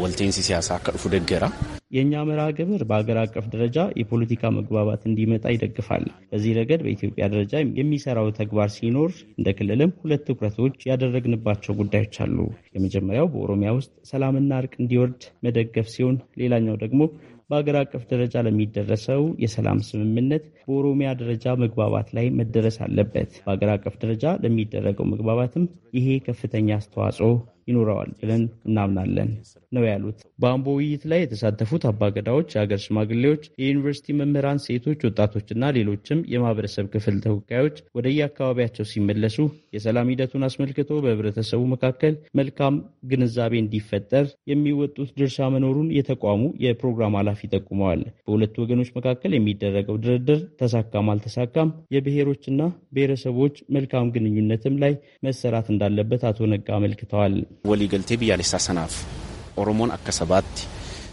ወልቴንሲ ሲያሳ ከእርፉ ደገራ የእኛ መርሃ ግብር በሀገር አቀፍ ደረጃ የፖለቲካ መግባባት እንዲመጣ ይደግፋል። በዚህ ረገድ በኢትዮጵያ ደረጃ የሚሰራው ተግባር ሲኖር እንደ ክልልም ሁለት ትኩረቶች ያደረግንባቸው ጉዳዮች አሉ። የመጀመሪያው በኦሮሚያ ውስጥ ሰላምና እርቅ እንዲወርድ መደገፍ ሲሆን፣ ሌላኛው ደግሞ በሀገር አቀፍ ደረጃ ለሚደረሰው የሰላም ስምምነት በኦሮሚያ ደረጃ መግባባት ላይ መደረስ አለበት። በሀገር አቀፍ ደረጃ ለሚደረገው መግባባትም ይሄ ከፍተኛ አስተዋጽኦ ይኖረዋል ብለን እናምናለን ነው ያሉት። በአምቦ ውይይት ላይ የተሳተፉት አባገዳዎች፣ የአገር ሽማግሌዎች፣ የዩኒቨርሲቲ መምህራን፣ ሴቶች፣ ወጣቶችና ሌሎችም የማህበረሰብ ክፍል ተወካዮች ወደየአካባቢያቸው ሲመለሱ የሰላም ሂደቱን አስመልክቶ በህብረተሰቡ መካከል መልካም ግንዛቤ እንዲፈጠር የሚወጡት ድርሻ መኖሩን የተቋሙ የፕሮግራም ኃላፊ ጠቁመዋል። በሁለቱ ወገኖች መካከል የሚደረገው ድርድር ተሳካም አልተሳካም የብሔሮችና ብሔረሰቦች መልካም ግንኙነትም ላይ መሰራት እንዳለበት አቶ ነጋ አመልክተዋል። galtee biyyaalessaa sanaaf Oromoon akka sabaatti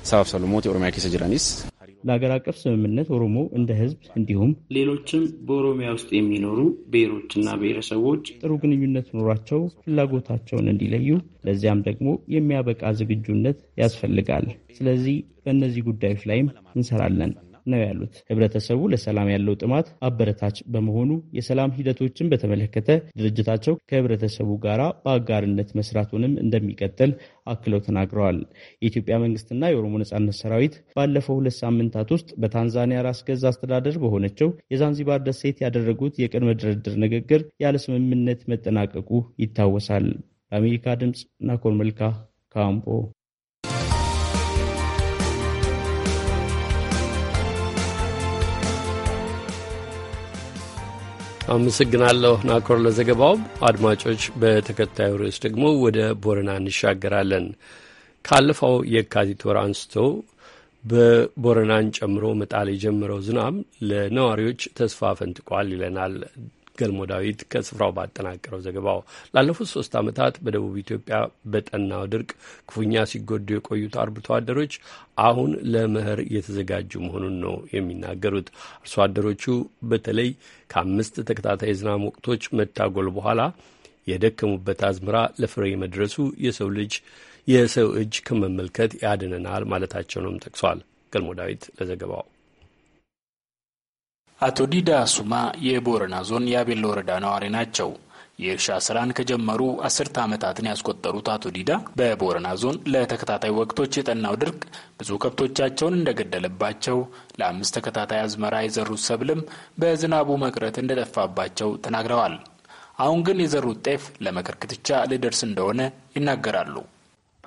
ሰባብ ሰሎሞoti Oromiyaa keessa jiranis ለሀገር አቀፍ ስምምነት ኦሮሞ እንደ ሕዝብ እንዲሁም ሌሎችም በኦሮሚያ ውስጥ የሚኖሩ ብሔሮችና ብሔረሰቦች ጥሩ ግንኙነት ኖሯቸው ፍላጎታቸውን እንዲለዩ ለዚያም ደግሞ የሚያበቃ ዝግጁነት ያስፈልጋል። ስለዚህ በእነዚህ ጉዳዮች ላይም እንሰራለን። ነው ያሉት። ህብረተሰቡ ለሰላም ያለው ጥማት አበረታች በመሆኑ የሰላም ሂደቶችን በተመለከተ ድርጅታቸው ከህብረተሰቡ ጋር በአጋርነት መስራቱንም እንደሚቀጥል አክለው ተናግረዋል። የኢትዮጵያ መንግስትና የኦሮሞ ነጻነት ሰራዊት ባለፈው ሁለት ሳምንታት ውስጥ በታንዛኒያ ራስ ገዝ አስተዳደር በሆነችው የዛንዚባር ደሴት ያደረጉት የቅድመ ድርድር ንግግር ያለ ስምምነት መጠናቀቁ ይታወሳል። ለአሜሪካ ድምፅ ናኮር መልካ ካምቦ አመሰግናለሁ ናኮር ለዘገባው። አድማጮች፣ በተከታዩ ርዕስ ደግሞ ወደ ቦረና እንሻገራለን። ካለፈው የካቲት ወር አንስቶ በቦረናን ጨምሮ መጣል የጀመረው ዝናብ ለነዋሪዎች ተስፋ ፈንጥቋል ይለናል ገልሞ ዳዊት ከስፍራው ባጠናቀረው ዘገባው ላለፉት ሶስት ዓመታት በደቡብ ኢትዮጵያ በጠናው ድርቅ ክፉኛ ሲጎዱ የቆዩት አርብቶ አደሮች አሁን ለመኸር እየተዘጋጁ መሆኑን ነው የሚናገሩት። አርሶ አደሮቹ በተለይ ከአምስት ተከታታይ የዝናብ ወቅቶች መታጎል በኋላ የደከሙበት አዝመራ ለፍሬ መድረሱ የሰው ልጅ የሰው እጅ ከመመልከት ያድነናል ነውም ጠቅሷል። ገልሞ ዳዊት ለዘገባው አቶ ዲዳ ሱማ የቦረና ዞን የአቤሎ ወረዳ ነዋሪ ናቸው። የእርሻ ስራን ከጀመሩ አስርተ ዓመታትን ያስቆጠሩት አቶ ዲዳ በቦረና ዞን ለተከታታይ ወቅቶች የጠናው ድርቅ ብዙ ከብቶቻቸውን እንደገደለባቸው፣ ለአምስት ተከታታይ አዝመራ የዘሩት ሰብልም በዝናቡ መቅረት እንደጠፋባቸው ተናግረዋል። አሁን ግን የዘሩት ጤፍ ለመከር ክትቻ እንደሆነ ይናገራሉ።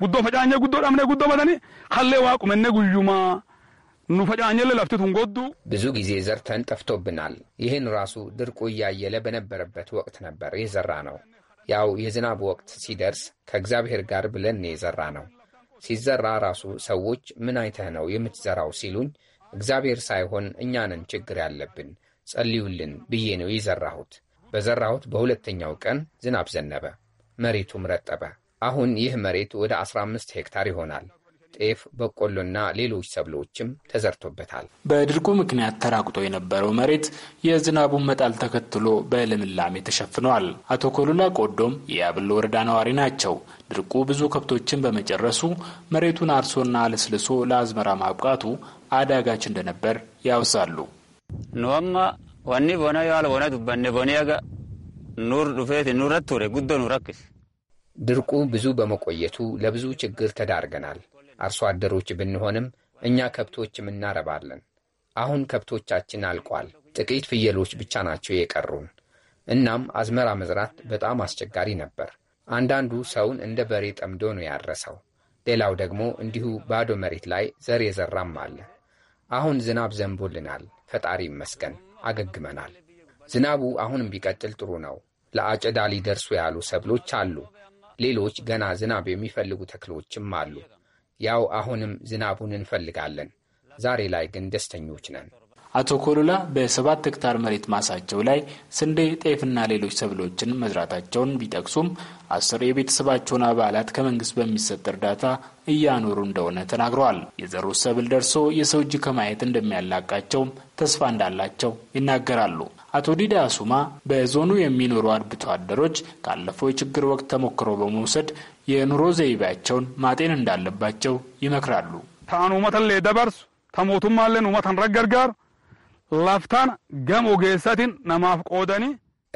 ጉዶ ፈጫኘ ጉዶ ዳምነ ጉዶ መተኒ ከሌ ዋቁመነ ጉዩማ ብዙ ጊዜ ዘርተን ጠፍቶብናል። ይህን ራሱ ድርቁ እያየለ በነበረበት ወቅት ነበር የዘራ ነው። ያው የዝናብ ወቅት ሲደርስ ከእግዚአብሔር ጋር ብለን የዘራ ነው። ሲዘራ ራሱ ሰዎች ምን አይተህ ነው የምትዘራው ሲሉኝ እግዚአብሔር ሳይሆን እኛንን ችግር ያለብን ጸልዩልን ብዬ ነው የዘራሁት። በዘራሁት በሁለተኛው ቀን ዝናብ ዘነበ፣ መሬቱም ረጠበ። አሁን ይህ መሬት ወደ 15 ሄክታር ይሆናል። ጤፍ፣ በቆሎና ሌሎች ሰብሎችም ተዘርቶበታል። በድርቁ ምክንያት ተራቁቶ የነበረው መሬት የዝናቡን መጣል ተከትሎ በልምላሜ ተሸፍኗል። አቶ ኮሉላ ቆዶም የያብሎ ወረዳ ነዋሪ ናቸው። ድርቁ ብዙ ከብቶችን በመጨረሱ መሬቱን አርሶና አለስልሶ ለአዝመራ ማብቃቱ አዳጋች እንደነበር ያውሳሉ። ኖማ ያል ኑር ዱፌት ኑረት ቱሬ ጉዶ ኑረክስ ድርቁ ብዙ በመቆየቱ ለብዙ ችግር ተዳርገናል። አርሶ አደሮች ብንሆንም እኛ ከብቶችም እናረባለን። አሁን ከብቶቻችን አልቋል። ጥቂት ፍየሎች ብቻ ናቸው የቀሩን። እናም አዝመራ መዝራት በጣም አስቸጋሪ ነበር። አንዳንዱ ሰውን እንደ በሬ ጠምዶ ነው ያረሰው። ሌላው ደግሞ እንዲሁ ባዶ መሬት ላይ ዘር የዘራም አለ። አሁን ዝናብ ዘንቦልናል። ፈጣሪ ይመስገን አገግመናል። ዝናቡ አሁንም ቢቀጥል ጥሩ ነው። ለአጨዳ ሊደርሱ ያሉ ሰብሎች አሉ። ሌሎች ገና ዝናብ የሚፈልጉ ተክሎችም አሉ። ያው አሁንም ዝናቡን እንፈልጋለን። ዛሬ ላይ ግን ደስተኞች ነን። አቶ ኮሉላ በሰባት ሄክታር መሬት ማሳቸው ላይ ስንዴ፣ ጤፍና ሌሎች ሰብሎችን መዝራታቸውን ቢጠቅሱም አስር የቤተሰባቸውን አባላት ከመንግስት በሚሰጥ እርዳታ እያኖሩ እንደሆነ ተናግረዋል። የዘሩት ሰብል ደርሶ የሰው እጅ ከማየት እንደሚያላቃቸውም ተስፋ እንዳላቸው ይናገራሉ። አቶ ዲዳ አሱማ በዞኑ የሚኖሩ አርብቶ አደሮች ካለፈው የችግር ወቅት ተሞክሮ በመውሰድ የኑሮ ዘይቤያቸውን ማጤን እንዳለባቸው ይመክራሉ። ታን ኡመተን ሌ ተሞቱም አለን ኡመተን ረገርጋር ላፍታን ገም ኦጌሰቲን ነማፍ ቆደኒ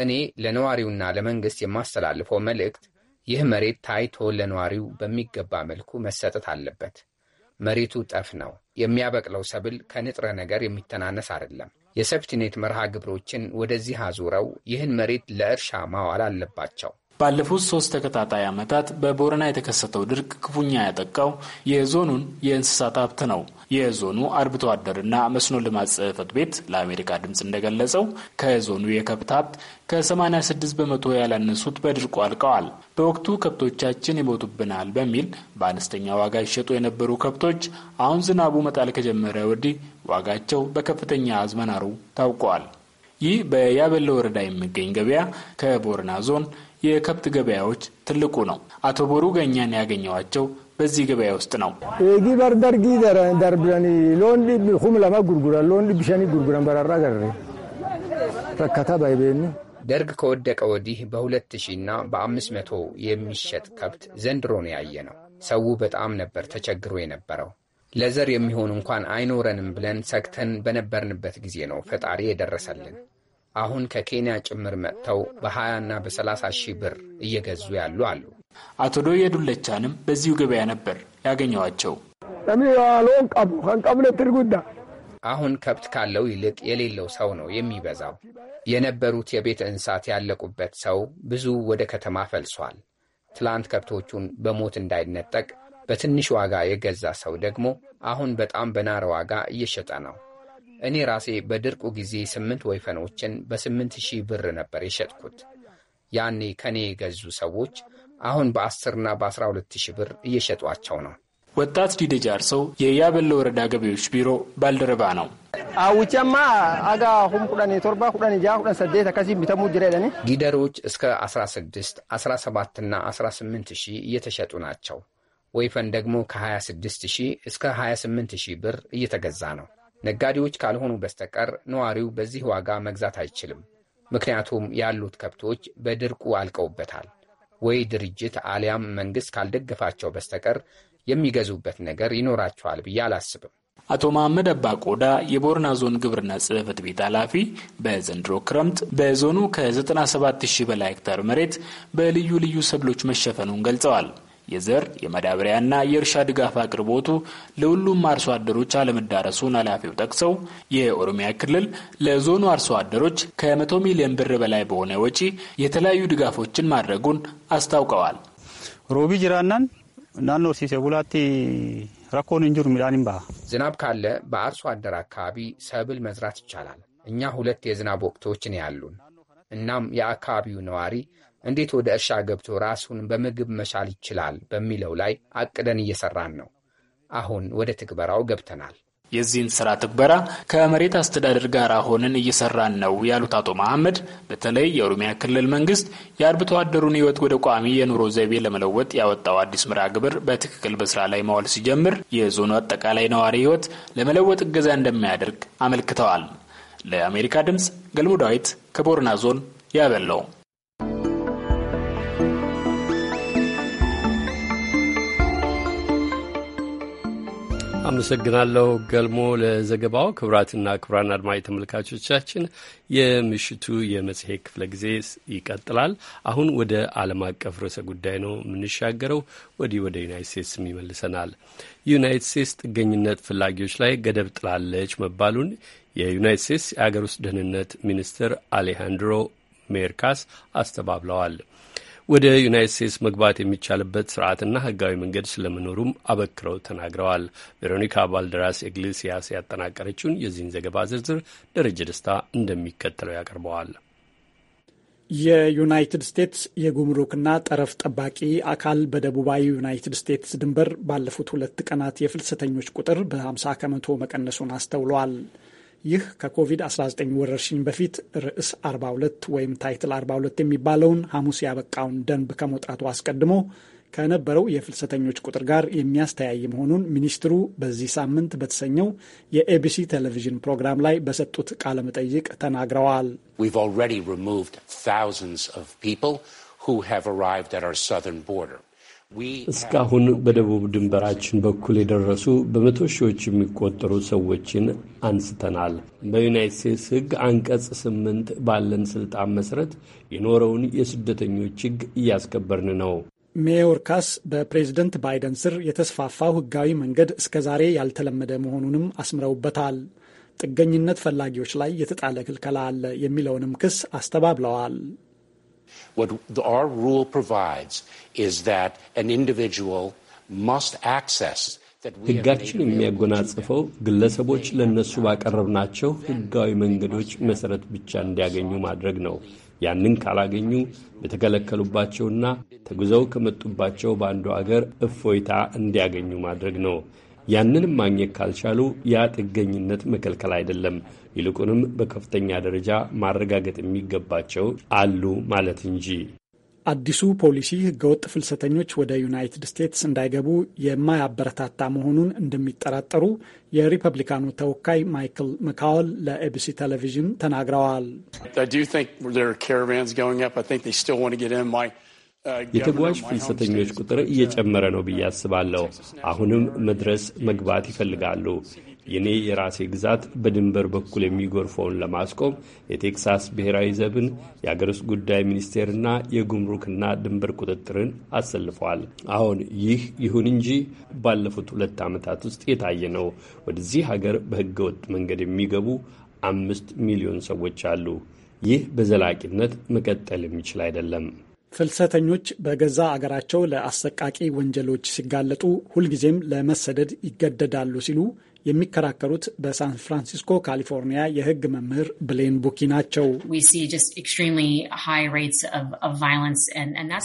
እኔ ለነዋሪውና ለመንግስት የማስተላልፈው መልእክት ይህ መሬት ታይቶ ለነዋሪው በሚገባ መልኩ መሰጠት አለበት። መሬቱ ጠፍ ነው። የሚያበቅለው ሰብል ከንጥረ ነገር የሚተናነስ አይደለም። የሰፍቲኔት መርሃ ግብሮችን ወደዚህ አዙረው ይህን መሬት ለእርሻ ማዋል አለባቸው። ባለፉት ሶስት ተከታታይ ዓመታት በቦረና የተከሰተው ድርቅ ክፉኛ ያጠቃው የዞኑን የእንስሳት ሀብት ነው። የዞኑ አርብቶ አደርና መስኖ ልማት ጽሕፈት ቤት ለአሜሪካ ድምፅ እንደገለጸው ከዞኑ የከብት ሀብት ከ86 በመቶ ያላነሱት በድርቁ አልቀዋል። በወቅቱ ከብቶቻችን ይሞቱብናል በሚል በአነስተኛ ዋጋ ይሸጡ የነበሩ ከብቶች አሁን ዝናቡ መጣል ከጀመረ ወዲህ ዋጋቸው በከፍተኛ አዝመናሩ ታውቀዋል። ይህ በያበለ ወረዳ የሚገኝ ገበያ ከቦረና ዞን የከብት ገበያዎች ትልቁ ነው። አቶ ቦሩ ገኛን ያገኘዋቸው በዚህ ገበያ ውስጥ ነው። በርበርጊ ደርብኒ ሎን ሁም ለማ ጉርጉራ ብሸኒ ጉርጉረን በራራ ገረ ረከታ ባይቤኒ ደርግ ከወደቀ ወዲህ በ2000 እና በ500 የሚሸጥ ከብት ዘንድሮ ነው ያየ ነው። ሰው በጣም ነበር ተቸግሮ የነበረው። ለዘር የሚሆን እንኳን አይኖረንም ብለን ሰግተን በነበርንበት ጊዜ ነው ፈጣሪ የደረሰልን። አሁን ከኬንያ ጭምር መጥተው በ20ና በ30 ሺህ ብር እየገዙ ያሉ አሉ። አቶ ዶዬ ዱለቻንም በዚሁ ገበያ ነበር ያገኘዋቸው። አሁን ከብት ካለው ይልቅ የሌለው ሰው ነው የሚበዛው። የነበሩት የቤት እንስሳት ያለቁበት ሰው ብዙ ወደ ከተማ ፈልሷል። ትላንት ከብቶቹን በሞት እንዳይነጠቅ በትንሽ ዋጋ የገዛ ሰው ደግሞ አሁን በጣም በናረ ዋጋ እየሸጠ ነው። እኔ ራሴ በድርቁ ጊዜ ስምንት ወይፈኖችን በስምንት ሺህ ብር ነበር የሸጥኩት። ያኔ ከኔ የገዙ ሰዎች አሁን በአስርና በአስራ ሁለት ሺህ ብር እየሸጧቸው ነው። ወጣት ዲደ ጃርሰው የያበለ ወረዳ ገበያዎች ቢሮ ባልደረባ ነው። አውቻማ አጋ ሁም ጃ ሰዴት ቢተሙ ጊደሮች እስከ 16 17 እና 18 ሺህ እየተሸጡ ናቸው። ወይፈን ደግሞ ከ26 ሺህ እስከ 28 ሺህ ብር እየተገዛ ነው። ነጋዴዎች ካልሆኑ በስተቀር ነዋሪው በዚህ ዋጋ መግዛት አይችልም። ምክንያቱም ያሉት ከብቶች በድርቁ አልቀውበታል። ወይ ድርጅት አሊያም መንግሥት ካልደገፋቸው በስተቀር የሚገዙበት ነገር ይኖራቸዋል ብዬ አላስብም። አቶ መሐመድ አባ ቆዳ የቦርና ዞን ግብርና ጽሕፈት ቤት ኃላፊ በዘንድሮ ክረምት በዞኑ ከ97 ሺህ በላይ ሄክታር መሬት በልዩ ልዩ ሰብሎች መሸፈኑን ገልጸዋል። የዘር የማዳበሪያና የእርሻ ድጋፍ አቅርቦቱ ለሁሉም አርሶ አደሮች አለመዳረሱን ኃላፊው ጠቅሰው የኦሮሚያ ክልል ለዞኑ አርሶ አደሮች ከመቶ ሚሊዮን ብር በላይ በሆነ ወጪ የተለያዩ ድጋፎችን ማድረጉን አስታውቀዋል። ሮቢ ጅራናን ናኖ ሲሴ ቡላቲ ረኮን እንጅሩ ሚዳኒም ባ ዝናብ ካለ በአርሶ አደር አካባቢ ሰብል መዝራት ይቻላል። እኛ ሁለት የዝናብ ወቅቶችን ያሉን እናም የአካባቢው ነዋሪ እንዴት ወደ እርሻ ገብቶ ራሱን በምግብ መቻል ይችላል በሚለው ላይ አቅደን እየሰራን ነው። አሁን ወደ ትግበራው ገብተናል። የዚህን ስራ ትግበራ ከመሬት አስተዳደር ጋር ሆነን እየሰራን ነው ያሉት አቶ መሐመድ በተለይ የኦሮሚያ ክልል መንግስት የአርብቶ አደሩን ህይወት ወደ ቋሚ የኑሮ ዘይቤ ለመለወጥ ያወጣው አዲስ ምራ ግብር በትክክል በስራ ላይ መዋል ሲጀምር የዞኑ አጠቃላይ ነዋሪ ህይወት ለመለወጥ እገዛ እንደሚያደርግ አመልክተዋል። ለአሜሪካ ድምፅ ገልሙ ዳዊት ከቦርና ዞን ያበለው አመሰግናለሁ ገልሞ ለዘገባው። ክብራትና ክብራን አድማጭ ተመልካቾቻችን የምሽቱ የመጽሔት ክፍለ ጊዜ ይቀጥላል። አሁን ወደ ዓለም አቀፍ ርዕሰ ጉዳይ ነው የምንሻገረው። ወዲህ ወደ ዩናይት ስቴትስም ይመልሰናል። ዩናይት ስቴትስ ጥገኝነት ፈላጊዎች ላይ ገደብ ጥላለች መባሉን የዩናይት ስቴትስ የአገር ውስጥ ደህንነት ሚኒስትር አሌሃንድሮ ሜርካስ አስተባብለዋል። ወደ ዩናይት ስቴትስ መግባት የሚቻልበት ስርዓትና ህጋዊ መንገድ ስለመኖሩም አበክረው ተናግረዋል። ቬሮኒካ ባልደራስ ኤግሊሲያስ ያጠናቀረችውን የዚህን ዘገባ ዝርዝር ደረጀ ደስታ እንደሚከተለው ያቀርበዋል። የዩናይትድ ስቴትስ የጉምሩክና ጠረፍ ጠባቂ አካል በደቡባዊ ዩናይትድ ስቴትስ ድንበር ባለፉት ሁለት ቀናት የፍልሰተኞች ቁጥር በ50 ከመቶ መቀነሱን አስተውለዋል። ይህ ከኮቪድ-19 ወረርሽኝ በፊት ርዕስ 42 ወይም ታይትል 42 የሚባለውን ሐሙስ ያበቃውን ደንብ ከመውጣቱ አስቀድሞ ከነበረው የፍልሰተኞች ቁጥር ጋር የሚያስተያይ መሆኑን ሚኒስትሩ በዚህ ሳምንት በተሰኘው የኤቢሲ ቴሌቪዥን ፕሮግራም ላይ በሰጡት ቃለ መጠይቅ ተናግረዋል። እስካሁን በደቡብ ድንበራችን በኩል የደረሱ በመቶ ሺዎች የሚቆጠሩ ሰዎችን አንስተናል። በዩናይት ስቴትስ ሕግ አንቀጽ ስምንት ባለን ስልጣን መሰረት የኖረውን የስደተኞች ሕግ እያስከበርን ነው። ሜዮርካስ በፕሬዝደንት ባይደን ስር የተስፋፋው ህጋዊ መንገድ እስከዛሬ ያልተለመደ መሆኑንም አስምረውበታል። ጥገኝነት ፈላጊዎች ላይ የተጣለ ክልከላ አለ የሚለውንም ክስ አስተባብለዋል። What our rule provides is that an individual must access ህጋችን የሚያጎናጽፈው ግለሰቦች ለእነሱ ባቀረብናቸው ህጋዊ መንገዶች መሰረት ብቻ እንዲያገኙ ማድረግ ነው። ያንን ካላገኙ በተከለከሉባቸውና ተጉዘው ከመጡባቸው በአንዱ አገር እፎይታ እንዲያገኙ ማድረግ ነው። ያንንም ማግኘት ካልቻሉ ያ ጥገኝነት መከልከል አይደለም፣ ይልቁንም በከፍተኛ ደረጃ ማረጋገጥ የሚገባቸው አሉ ማለት እንጂ። አዲሱ ፖሊሲ ህገወጥ ፍልሰተኞች ወደ ዩናይትድ ስቴትስ እንዳይገቡ የማያበረታታ መሆኑን እንደሚጠራጠሩ የሪፐብሊካኑ ተወካይ ማይክል መካወል ለኤቢሲ ቴሌቪዥን ተናግረዋል። የተጓዥ ፍልሰተኞች ቁጥር እየጨመረ ነው ብዬ አስባለሁ። አሁንም መድረስ መግባት ይፈልጋሉ። የኔ የራሴ ግዛት በድንበር በኩል የሚጎርፈውን ለማስቆም የቴክሳስ ብሔራዊ ዘብን የአገር ውስጥ ጉዳይ ሚኒስቴርና የጉምሩክና ድንበር ቁጥጥርን አሰልፈዋል። አሁን ይህ ይሁን እንጂ ባለፉት ሁለት ዓመታት ውስጥ የታየ ነው። ወደዚህ ሀገር በህገወጥ መንገድ የሚገቡ አምስት ሚሊዮን ሰዎች አሉ። ይህ በዘላቂነት መቀጠል የሚችል አይደለም። ፍልሰተኞች በገዛ አገራቸው ለአሰቃቂ ወንጀሎች ሲጋለጡ ሁልጊዜም ለመሰደድ ይገደዳሉ ሲሉ የሚከራከሩት በሳን ፍራንሲስኮ ካሊፎርኒያ የሕግ መምህር ብሌን ቡኪ ናቸው።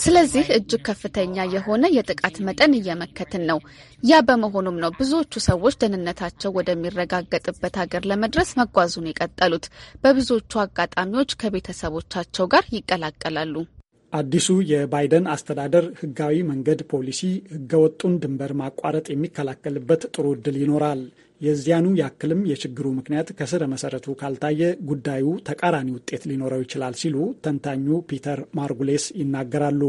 ስለዚህ እጅግ ከፍተኛ የሆነ የጥቃት መጠን እየመከትን ነው። ያ በመሆኑም ነው ብዙዎቹ ሰዎች ደህንነታቸው ወደሚረጋገጥበት ሀገር ለመድረስ መጓዙን የቀጠሉት። በብዙዎቹ አጋጣሚዎች ከቤተሰቦቻቸው ጋር ይቀላቀላሉ። አዲሱ የባይደን አስተዳደር ህጋዊ መንገድ ፖሊሲ ህገወጡን ድንበር ማቋረጥ የሚከላከልበት ጥሩ ዕድል ይኖራል። የዚያኑ ያክልም የችግሩ ምክንያት ከስረ መሰረቱ ካልታየ ጉዳዩ ተቃራኒ ውጤት ሊኖረው ይችላል ሲሉ ተንታኙ ፒተር ማርጉሌስ ይናገራሉ።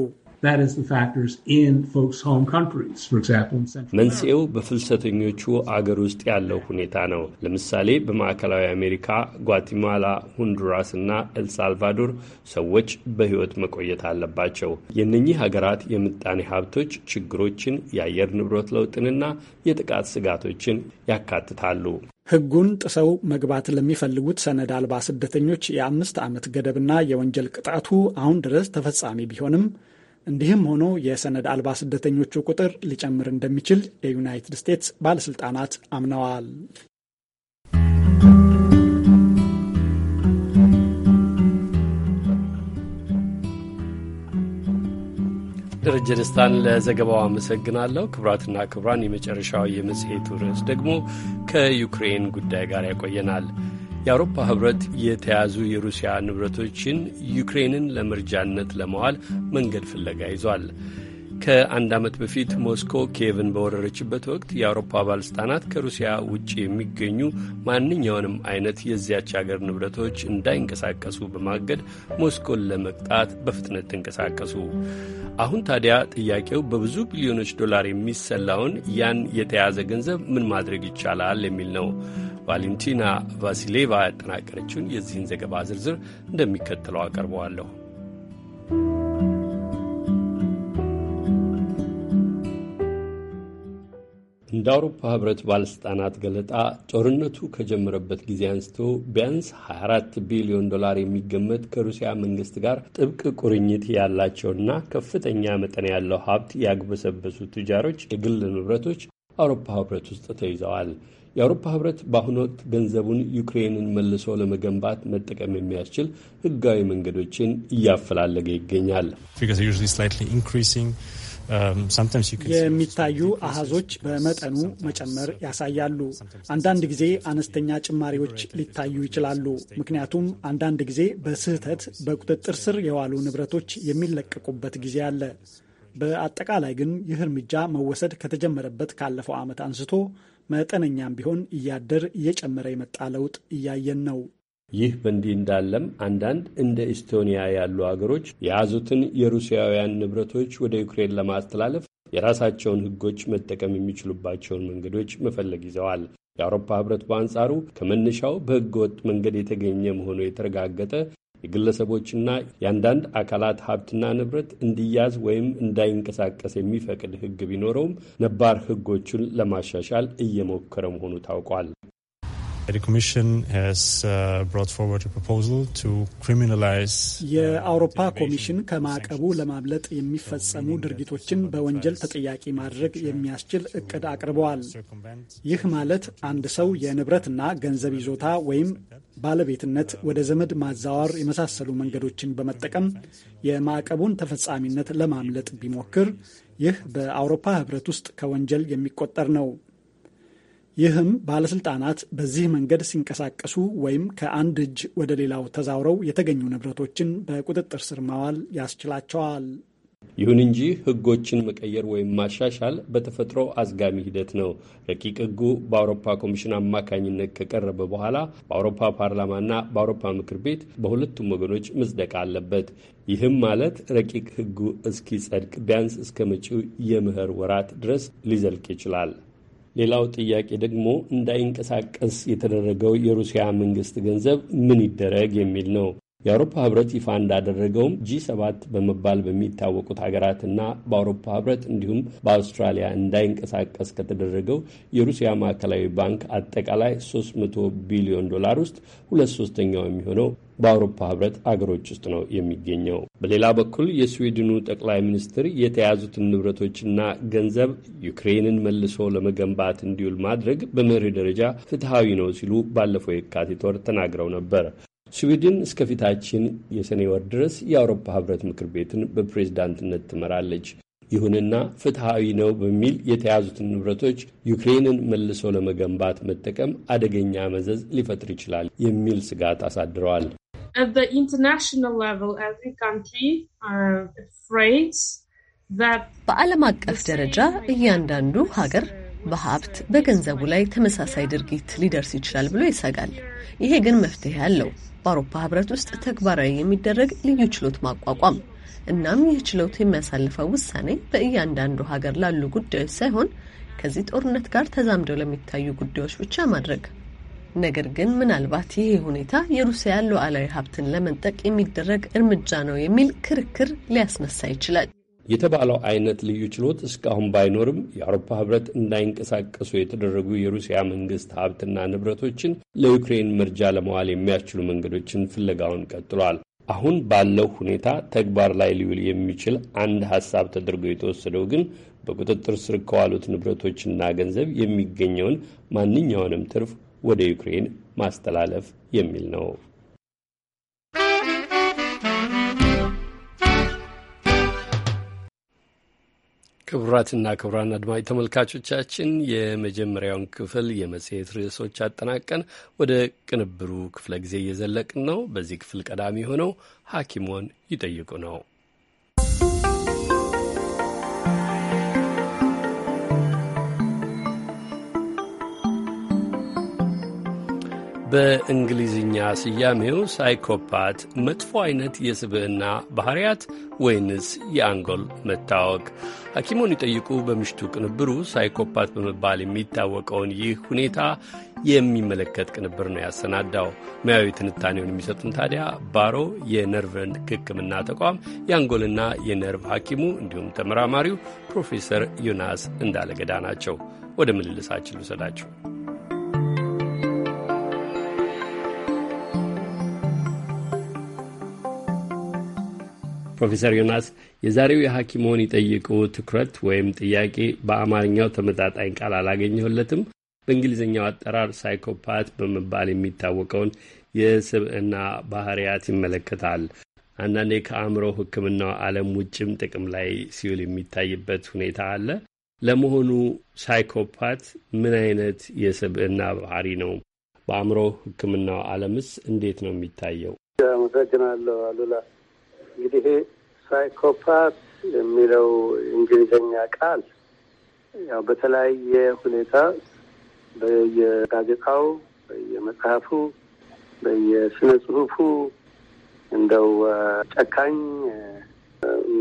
መንስኤው በፍልሰተኞቹ አገር ውስጥ ያለው ሁኔታ ነው። ለምሳሌ በማዕከላዊ አሜሪካ ጓቲማላ፣ ሆንዱራስ እና ኤልሳልቫዶር ሰዎች በሕይወት መቆየት አለባቸው። የእነኚህ ሀገራት የምጣኔ ሀብቶች ችግሮችን፣ የአየር ንብረት ለውጥንና የጥቃት ስጋቶችን ያካትታሉ። ሕጉን ጥሰው መግባት ለሚፈልጉት ሰነድ አልባ ስደተኞች የአምስት ዓመት ገደብና የወንጀል ቅጣቱ አሁን ድረስ ተፈጻሚ ቢሆንም እንዲህም ሆኖ የሰነድ አልባ ስደተኞቹ ቁጥር ሊጨምር እንደሚችል የዩናይትድ ስቴትስ ባለስልጣናት አምነዋል። ደረጀ ደስታን ለዘገባው አመሰግናለሁ። ክቡራትና ክቡራን፣ የመጨረሻው የመጽሔቱ ርዕስ ደግሞ ከዩክሬን ጉዳይ ጋር ያቆየናል። የአውሮፓ ህብረት የተያዙ የሩሲያ ንብረቶችን ዩክሬንን ለምርጃነት ለመዋል መንገድ ፍለጋ ይዟል። ከአንድ ዓመት በፊት ሞስኮ ኪየቭን በወረረችበት ወቅት የአውሮፓ ባለሥልጣናት ከሩሲያ ውጭ የሚገኙ ማንኛውንም አይነት የዚያች አገር ንብረቶች እንዳይንቀሳቀሱ በማገድ ሞስኮን ለመቅጣት በፍጥነት ተንቀሳቀሱ። አሁን ታዲያ ጥያቄው በብዙ ቢሊዮኖች ዶላር የሚሰላውን ያን የተያዘ ገንዘብ ምን ማድረግ ይቻላል የሚል ነው። ቫሌንቲና ቫሲሌቫ ያጠናቀረችውን የዚህን ዘገባ ዝርዝር እንደሚከተለው አቀርበዋለሁ። እንደ አውሮፓ ህብረት ባለሥልጣናት ገለጣ ጦርነቱ ከጀመረበት ጊዜ አንስቶ ቢያንስ 24 ቢሊዮን ዶላር የሚገመት ከሩሲያ መንግስት ጋር ጥብቅ ቁርኝት ያላቸውና ከፍተኛ መጠን ያለው ሀብት ያግበሰበሱ ቱጃሮች የግል ንብረቶች አውሮፓ ህብረት ውስጥ ተይዘዋል። የአውሮፓ ህብረት በአሁኑ ወቅት ገንዘቡን ዩክሬንን መልሶ ለመገንባት መጠቀም የሚያስችል ህጋዊ መንገዶችን እያፈላለገ ይገኛል። um, የሚታዩ አሃዞች በመጠኑ መጨመር ያሳያሉ። አንዳንድ ጊዜ አነስተኛ ጭማሪዎች ሊታዩ ይችላሉ። ምክንያቱም አንዳንድ ጊዜ በስህተት በቁጥጥር ስር የዋሉ ንብረቶች የሚለቀቁበት ጊዜ አለ። በአጠቃላይ ግን ይህ እርምጃ መወሰድ ከተጀመረበት ካለፈው ዓመት አንስቶ መጠነኛም ቢሆን እያደር እየጨመረ የመጣ ለውጥ እያየን ነው። ይህ በእንዲህ እንዳለም አንዳንድ እንደ ኢስቶኒያ ያሉ አገሮች የያዙትን የሩሲያውያን ንብረቶች ወደ ዩክሬን ለማስተላለፍ የራሳቸውን ሕጎች መጠቀም የሚችሉባቸውን መንገዶች መፈለግ ይዘዋል። የአውሮፓ ህብረት በአንጻሩ ከመነሻው በህገወጥ ወጥ መንገድ የተገኘ መሆኑ የተረጋገጠ የግለሰቦችና የአንዳንድ አካላት ሀብትና ንብረት እንዲያዝ ወይም እንዳይንቀሳቀስ የሚፈቅድ ሕግ ቢኖረውም ነባር ሕጎቹን ለማሻሻል እየሞከረ መሆኑ ታውቋል። Uh, uh, የአውሮፓ ኮሚሽን ከማዕቀቡ ለማምለጥ የሚፈጸሙ ድርጊቶችን በወንጀል ተጠያቂ ማድረግ የሚያስችል እቅድ አቅርበዋል። ይህ ማለት አንድ ሰው የንብረትና ገንዘብ ይዞታ ወይም ባለቤትነት ወደ ዘመድ ማዛወር የመሳሰሉ መንገዶችን በመጠቀም የማዕቀቡን ተፈጻሚነት ለማምለጥ ቢሞክር ይህ በአውሮፓ ሕብረት ውስጥ ከወንጀል የሚቆጠር ነው። ይህም ባለስልጣናት በዚህ መንገድ ሲንቀሳቀሱ ወይም ከአንድ እጅ ወደ ሌላው ተዛውረው የተገኙ ንብረቶችን በቁጥጥር ስር ማዋል ያስችላቸዋል። ይሁን እንጂ ሕጎችን መቀየር ወይም ማሻሻል በተፈጥሮ አዝጋሚ ሂደት ነው። ረቂቅ ሕጉ በአውሮፓ ኮሚሽን አማካኝነት ከቀረበ በኋላ በአውሮፓ ፓርላማና በአውሮፓ ምክር ቤት በሁለቱም ወገኖች መጽደቅ አለበት። ይህም ማለት ረቂቅ ሕጉ እስኪጸድቅ ቢያንስ እስከ መጪው የምህር ወራት ድረስ ሊዘልቅ ይችላል። ሌላው ጥያቄ ደግሞ እንዳይንቀሳቀስ የተደረገው የሩሲያ መንግስት ገንዘብ ምን ይደረግ የሚል ነው። የአውሮፓ ህብረት ይፋ እንዳደረገውም ጂ ሰባት በመባል በሚታወቁት ሀገራትና በአውሮፓ ህብረት እንዲሁም በአውስትራሊያ እንዳይንቀሳቀስ ከተደረገው የሩሲያ ማዕከላዊ ባንክ አጠቃላይ 300 ቢሊዮን ዶላር ውስጥ ሁለት ሶስተኛው የሚሆነው በአውሮፓ ህብረት አገሮች ውስጥ ነው የሚገኘው። በሌላ በኩል የስዊድኑ ጠቅላይ ሚኒስትር የተያዙትን ንብረቶችና ገንዘብ ዩክሬንን መልሶ ለመገንባት እንዲውል ማድረግ በመርህ ደረጃ ፍትሐዊ ነው ሲሉ ባለፈው የካቲት ወር ተናግረው ነበር። ስዊድን እስከፊታችን የሰኔ ወር ድረስ የአውሮፓ ህብረት ምክር ቤትን በፕሬዝዳንትነት ትመራለች። ይሁንና ፍትሐዊ ነው በሚል የተያዙትን ንብረቶች ዩክሬንን መልሶ ለመገንባት መጠቀም አደገኛ መዘዝ ሊፈጥር ይችላል የሚል ስጋት አሳድረዋል። uh, በዓለም አቀፍ ደረጃ እያንዳንዱ ሀገር በሀብት በገንዘቡ ላይ ተመሳሳይ ድርጊት ሊደርስ ይችላል ብሎ ይሰጋል። ይሄ ግን መፍትሄ አለው። በአውሮፓ ህብረት ውስጥ ተግባራዊ የሚደረግ ልዩ ችሎት ማቋቋም። እናም ይህ ችሎት የሚያሳልፈው ውሳኔ በእያንዳንዱ ሀገር ላሉ ጉዳዮች ሳይሆን ከዚህ ጦርነት ጋር ተዛምደው ለሚታዩ ጉዳዮች ብቻ ማድረግ። ነገር ግን ምናልባት ይሄ ሁኔታ የሩሲያ ሉዓላዊ ሀብትን ለመንጠቅ የሚደረግ እርምጃ ነው የሚል ክርክር ሊያስነሳ ይችላል። የተባለው አይነት ልዩ ችሎት እስካሁን ባይኖርም የአውሮፓ ህብረት እንዳይንቀሳቀሱ የተደረጉ የሩሲያ መንግስት ሀብትና ንብረቶችን ለዩክሬን መርጃ ለመዋል የሚያስችሉ መንገዶችን ፍለጋውን ቀጥሏል። አሁን ባለው ሁኔታ ተግባር ላይ ሊውል የሚችል አንድ ሀሳብ ተደርጎ የተወሰደው ግን በቁጥጥር ስር ከዋሉት ንብረቶችና ገንዘብ የሚገኘውን ማንኛውንም ትርፍ ወደ ዩክሬን ማስተላለፍ የሚል ነው። ክቡራትና ክቡራን አድማጭ ተመልካቾቻችን የመጀመሪያውን ክፍል የመጽሔት ርዕሶች አጠናቀን ወደ ቅንብሩ ክፍለ ጊዜ እየዘለቅን ነው። በዚህ ክፍል ቀዳሚ የሆነው ሐኪሞን ይጠይቁ ነው። በእንግሊዝኛ ስያሜው ሳይኮፓት መጥፎ አይነት የስብዕና ባህሪያት ወይንስ የአንጎል መታወክ? ሐኪሙን ይጠይቁ በምሽቱ ቅንብሩ ሳይኮፓት በመባል የሚታወቀውን ይህ ሁኔታ የሚመለከት ቅንብር ነው ያሰናዳው። ሙያዊ ትንታኔውን የሚሰጡን ታዲያ ባሮ የነርቭ ሕክምና ተቋም የአንጎልና የነርቭ ሐኪሙ እንዲሁም ተመራማሪው ፕሮፌሰር ዮናስ እንዳለገዳ ናቸው። ወደ ምልልሳችን ልውሰዳችሁ። ፕሮፌሰር ዮናስ የዛሬው የሐኪሞን ይጠይቁ ትኩረት ወይም ጥያቄ በአማርኛው ተመጣጣኝ ቃል አላገኘሁለትም። በእንግሊዝኛው አጠራር ሳይኮፓት በመባል የሚታወቀውን የስብዕና ባህሪያት ይመለከታል። አንዳንዴ ከአእምሮ ሕክምናው ዓለም ውጭም ጥቅም ላይ ሲውል የሚታይበት ሁኔታ አለ። ለመሆኑ ሳይኮፓት ምን አይነት የስብዕና ባህሪ ነው? በአእምሮ ሕክምናው ዓለምስ እንዴት ነው የሚታየው? አመሰግናለሁ አሉላ። እንግዲህ ሳይኮፓት የሚለው እንግሊዝኛ ቃል ያው በተለያየ ሁኔታ በየጋዜጣው፣ በየመጽሐፉ፣ በየስነ ጽሁፉ እንደው ጨካኝ፣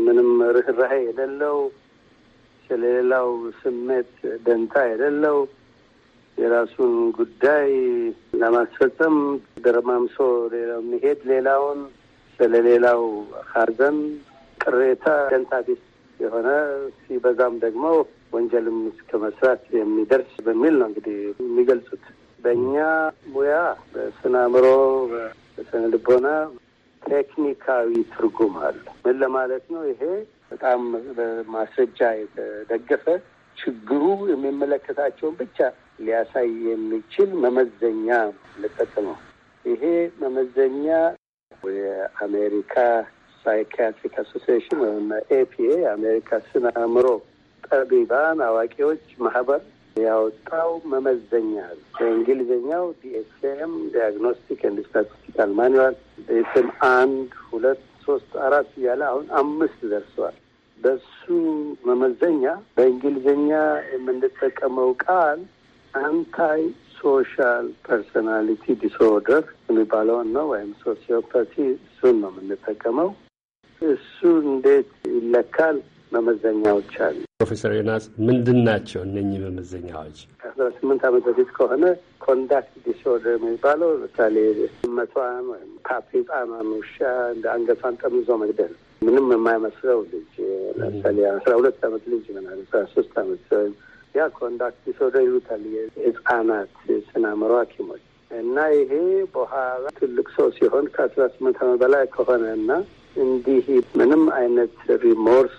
ምንም ርኅራሄ የሌለው ስለሌላው ስሜት ደንታ የሌለው የራሱን ጉዳይ ለማስፈጸም ደረማምሶ ሌላው መሄድ ሌላውን ስለሌላው ሀዘን፣ ቅሬታ ደንታ የሆነ ሲበዛም ደግሞ ወንጀልም እስከ መስራት የሚደርስ በሚል ነው እንግዲህ የሚገልጹት። በእኛ ሙያ በስነ አእምሮ፣ በስነ ልቦና ቴክኒካዊ ትርጉም አለ። ምን ለማለት ነው? ይሄ በጣም በማስረጃ የተደገፈ ችግሩ የሚመለከታቸውን ብቻ ሊያሳይ የሚችል መመዘኛ ነው። ይሄ መመዘኛ የአሜሪካ ሳይኪያትሪክ አሶሲሽን ወይም ኤፒኤ የአሜሪካ ስነ አእምሮ ጠቢባን አዋቂዎች ማህበር ያወጣው መመዘኛ በእንግሊዝኛው ዲኤስኤም ዲያግኖስቲክ ኤንድ ስታቲስቲካል ማኑዋል ዲኤስኤም አንድ ሁለት ሶስት አራት እያለ አሁን አምስት ደርሰዋል። በሱ መመዘኛ በእንግሊዝኛ የምንጠቀመው ቃል አንታይ ሶሻል ፐርሶናሊቲ ዲስኦርደር የሚባለውን ነው ወይም ሶሲዮፓቲ፣ እሱን ነው የምንጠቀመው። እሱ እንዴት ይለካል? መመዘኛዎች አሉ። ፕሮፌሰር ዮናስ ምንድን ናቸው እነኚህ መመዘኛዎች? ከአስራ ስምንት ዓመት በፊት ከሆነ ኮንዳክት ዲስኦርደር የሚባለው ለምሳሌ መቷን ወይም ፓፒ ጣማን ውሻ እንደ አንገቷን ጠምዞ መግደል ምንም የማይመስለው ልጅ ለምሳሌ አስራ ሁለት ዓመት ልጅ ምናምን አስራ ሶስት ዓመት ያ ኮንዳክት ዲስኦርደር ይሉታል የህጻናት ስነ አእምሮ ሐኪሞች እና ይሄ በኋላ ትልቅ ሰው ሲሆን ከአስራ ስምንት ዓመት በላይ ከሆነ እና እንዲህ ምንም አይነት ሪሞርስ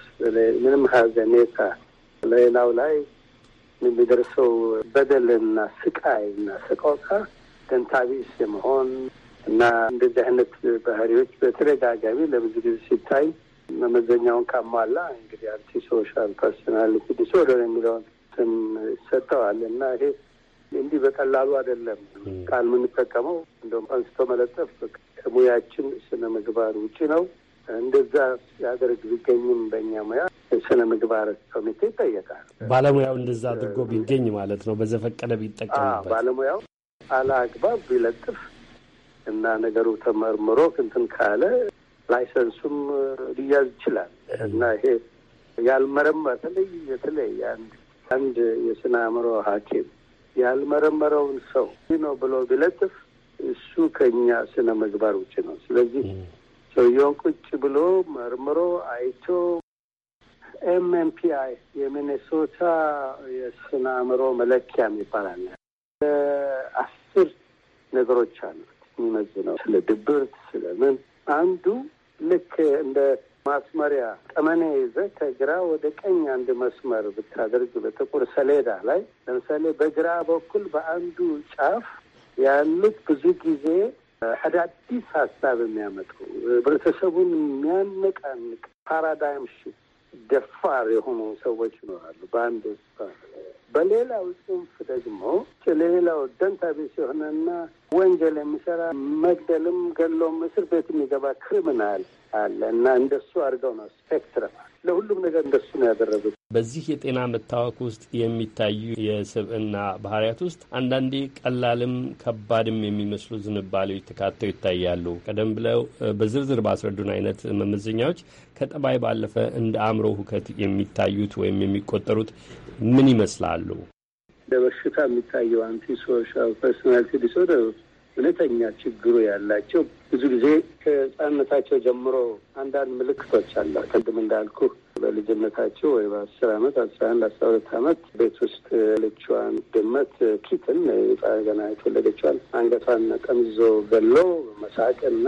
ምንም ሀዘኔታ ሌላው ላይ የሚደርሰው በደልና ስቃይ እና ስቆቃ ደንታቢስ የመሆን እና እንደዚህ አይነት ባህሪዎች በተደጋጋሚ ለብዙ ጊዜ ሲታይ መመዘኛውን ካሟላ እንግዲህ አንቲ ሶሻል ፐርሶናሊቲ ዲስኦርደር የሚለውን ስም ይሰጠዋል እና ይሄ እንዲህ በቀላሉ አይደለም ቃል የምንጠቀመው። እንደውም አንስቶ መለጠፍ ከሙያችን ስነ ምግባር ውጭ ነው። እንደዛ ያደርግ ቢገኝም በእኛ ሙያ ስነ ምግባር ኮሚቴ ይጠየቃል። ባለሙያው እንደዛ አድርጎ ቢገኝ ማለት ነው፣ በዘፈቀደ ቢጠቀምበት ባለሙያው አግባብ ቢለጥፍ እና ነገሩ ተመርምሮ እንትን ካለ ላይሰንሱም ሊያዝ ይችላል እና ይሄ ያልመረመ በተለይ የተለይ አንድ አንድ የስነ አእምሮ ሐኪም ያልመረመረውን ሰው ነው ብሎ ቢለጥፍ እሱ ከኛ ስነ ምግባር ውጭ ነው። ስለዚህ ሰውየውን ቁጭ ብሎ መርምሮ አይቶ ኤምኤምፒአይ የሚኔሶታ የስነ አእምሮ መለኪያ ይባላል። አስር ነገሮች አሉት የሚመዝነው ስለ ድብርት ስለምን አንዱ ልክ እንደ ማስመሪያ ጠመኔ ይዘ ከግራ ወደ ቀኝ አንድ መስመር ብታደርግ በጥቁር ሰሌዳ ላይ ለምሳሌ በግራ በኩል በአንዱ ጫፍ ያሉት ብዙ ጊዜ አዳዲስ ሀሳብ የሚያመጡ ህብረተሰቡን የሚያነቃንቅ ፓራዳይም ደፋር የሆኑ ሰዎች ይኖራሉ። በአንድ በሌላው ጽንፍ ደግሞ ሌላው ደንታ ቢስ የሆነና ወንጀል የሚሰራ መግደልም ገሎ እስር ቤት የሚገባ ክሪሚናል አለ እና እንደሱ አድርገው ነው ስፔክትረም ለሁሉም ነገር እንደሱ ነው ያደረጉት። በዚህ የጤና መታወክ ውስጥ የሚታዩ የስብዕና ባህሪያት ውስጥ አንዳንዴ ቀላልም ከባድም የሚመስሉ ዝንባሌዎች ተካተው ይታያሉ። ቀደም ብለው በዝርዝር ባስረዱን አይነት መመዘኛዎች ከጠባይ ባለፈ እንደ አእምሮ ሁከት የሚታዩት ወይም የሚቆጠሩት ምን ይመስላሉ? ለበሽታ የሚታየው አንቲ ሶሻል ፐርሶናሊቲ ዲስኦርደር እውነተኛ ችግሩ ያላቸው ብዙ ጊዜ ከህጻንነታቸው ጀምሮ አንዳንድ ምልክቶች አለ። ቅድም እንዳልኩ በልጅነታቸው ወይ በአስር አመት አስራ አንድ አስራ ሁለት አመት ቤት ውስጥ ያለችዋን ድመት ኪትን ገና የተወለደችዋን አንገቷን ቀምዞ ገሎ መሳቅና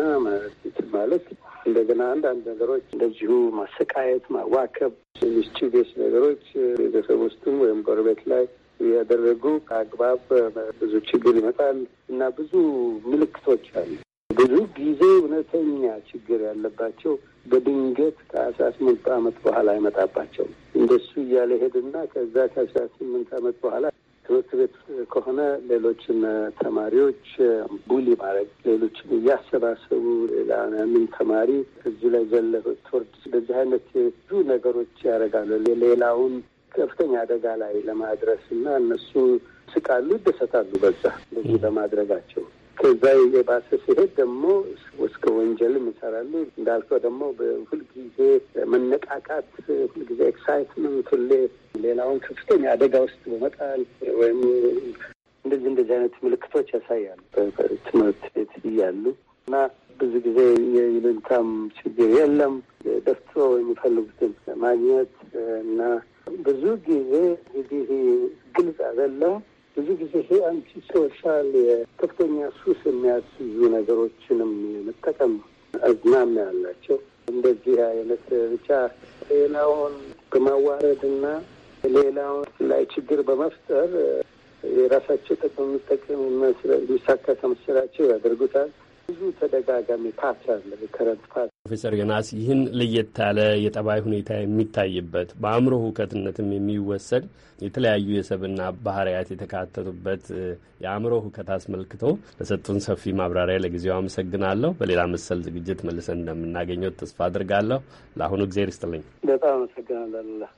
ማለት እንደገና አንዳንድ ነገሮች እንደዚሁ ማሰቃየት፣ ማዋከብ ሚስቺቤስ ነገሮች ቤተሰብ ውስጥም ወይም ጎረቤት ላይ ያደረጉ ከአግባብ ብዙ ችግር ይመጣል እና ብዙ ምልክቶች አሉ። ብዙ ጊዜ እውነተኛ ችግር ያለባቸው በድንገት ከአስራ ስምንት አመት በኋላ አይመጣባቸውም። እንደሱ እያለ ሄድና ከዛ ከአስራ ስምንት አመት በኋላ ትምህርት ቤት ከሆነ ሌሎችን ተማሪዎች ቡሊ ማድረግ፣ ሌሎችን እያሰባሰቡ ሌላምን ተማሪ እዚህ ላይ ዘለ ትወርድ፣ በዚህ አይነት ብዙ ነገሮች ያደርጋሉ። ሌላውን ከፍተኛ አደጋ ላይ ለማድረስ እና እነሱ ስቃሉ፣ ይደሰታሉ በዛ በዚህ በማድረጋቸው ከዛ የባሰ ሲሄድ ደግሞ እስከ ወንጀልም ይሰራሉ። እንዳልከው ደግሞ በሁልጊዜ መነቃቃት፣ ሁልጊዜ ኤክሳይትመንት፣ ሁሌ ሌላውን ከፍተኛ አደጋ ውስጥ በመጣል ወይም እንደዚህ እንደዚህ አይነት ምልክቶች ያሳያሉ ትምህርት ቤት እያሉ እና ብዙ ጊዜ የይሉኝታም ችግር የለም። ደፍቶ የሚፈልጉትን ማግኘት እና ብዙ ጊዜ እንግዲህ ግልጽ አይደለም ብዙ ጊዜ ይሄ አንቺ ሶሻል የከፍተኛ ሱስ የሚያስይዙ ነገሮችንም የመጠቀም አዝማሚያ ያላቸው እንደዚህ አይነት ብቻ ሌላውን በማዋረድና ሌላውን ላይ ችግር በመፍጠር የራሳቸው ጥቅም የሚጠቀም የሚሳካ ከመሰላቸው ያደርጉታል። ብዙ ተደጋጋሚ ፓት አለ። ከረንት ፓት ፕሮፌሰር ዮናስ ይህን ለየት ያለ የጠባይ ሁኔታ የሚታይበት በአእምሮ ሁከትነትም የሚወሰድ የተለያዩ የሰብና ባህርያት የተካተቱበት የአእምሮ ሁከት አስመልክቶ ለሰጡን ሰፊ ማብራሪያ ለጊዜው አመሰግናለሁ። በሌላ መሰል ዝግጅት መልሰን እንደምናገኘው ተስፋ አድርጋለሁ። ለአሁኑ እግዜር ይስጥልኝ። በጣም አመሰግናለሁ።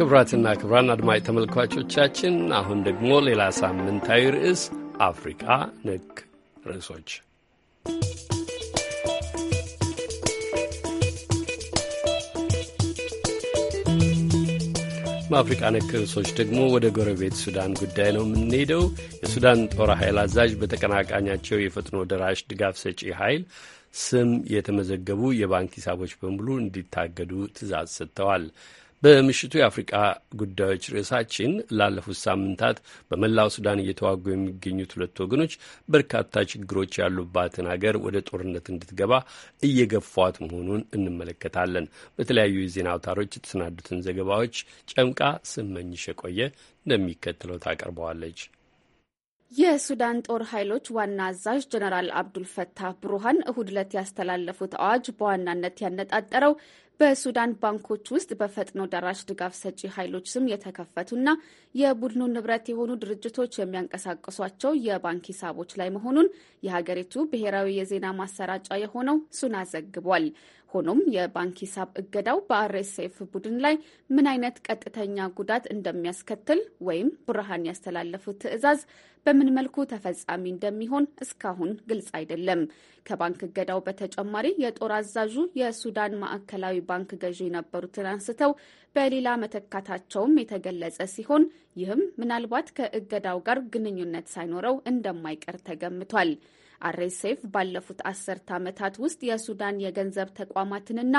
ክብራትና ክብራን አድማጭ ተመልካቾቻችን አሁን ደግሞ ሌላ ሳምንታዊ ርዕስ አፍሪቃ ነክ ርዕሶች በአፍሪቃ ነክ ርዕሶች ደግሞ ወደ ጎረቤት ሱዳን ጉዳይ ነው የምንሄደው። የሱዳን ጦር ኃይል አዛዥ በተቀናቃኛቸው የፈጥኖ ደራሽ ድጋፍ ሰጪ ኃይል ስም የተመዘገቡ የባንክ ሂሳቦች በሙሉ እንዲታገዱ ትእዛዝ ሰጥተዋል። በምሽቱ የአፍሪቃ ጉዳዮች ርዕሳችን ላለፉት ሳምንታት በመላው ሱዳን እየተዋጉ የሚገኙት ሁለት ወገኖች በርካታ ችግሮች ያሉባትን ሀገር ወደ ጦርነት እንድትገባ እየገፏት መሆኑን እንመለከታለን። በተለያዩ የዜና አውታሮች የተሰናዱትን ዘገባዎች ጨምቃ ስመኝሽ የቆየ እንደሚከተለው ታቀርበዋለች። የሱዳን ጦር ኃይሎች ዋና አዛዥ ጀነራል አብዱልፈታህ ብሩሃን እሁድ ዕለት ያስተላለፉት አዋጅ በዋናነት ያነጣጠረው በሱዳን ባንኮች ውስጥ በፈጥኖ ደራሽ ድጋፍ ሰጪ ኃይሎች ስም የተከፈቱና የቡድኑ ንብረት የሆኑ ድርጅቶች የሚያንቀሳቅሷቸው የባንክ ሂሳቦች ላይ መሆኑን የሀገሪቱ ብሔራዊ የዜና ማሰራጫ የሆነው ሱና ዘግቧል። ሆኖም የባንክ ሂሳብ እገዳው በአርኤስኤፍ ቡድን ላይ ምን አይነት ቀጥተኛ ጉዳት እንደሚያስከትል ወይም ቡርሃን ያስተላለፉት ትዕዛዝ በምን መልኩ ተፈጻሚ እንደሚሆን እስካሁን ግልጽ አይደለም። ከባንክ እገዳው በተጨማሪ የጦር አዛዡ የሱዳን ማዕከላዊ ባንክ ገዢ የነበሩትን አንስተው በሌላ መተካታቸውም የተገለጸ ሲሆን ይህም ምናልባት ከእገዳው ጋር ግንኙነት ሳይኖረው እንደማይቀር ተገምቷል። አሬሴፍ ባለፉት አስርት ዓመታት ውስጥ የሱዳን የገንዘብ ተቋማትንና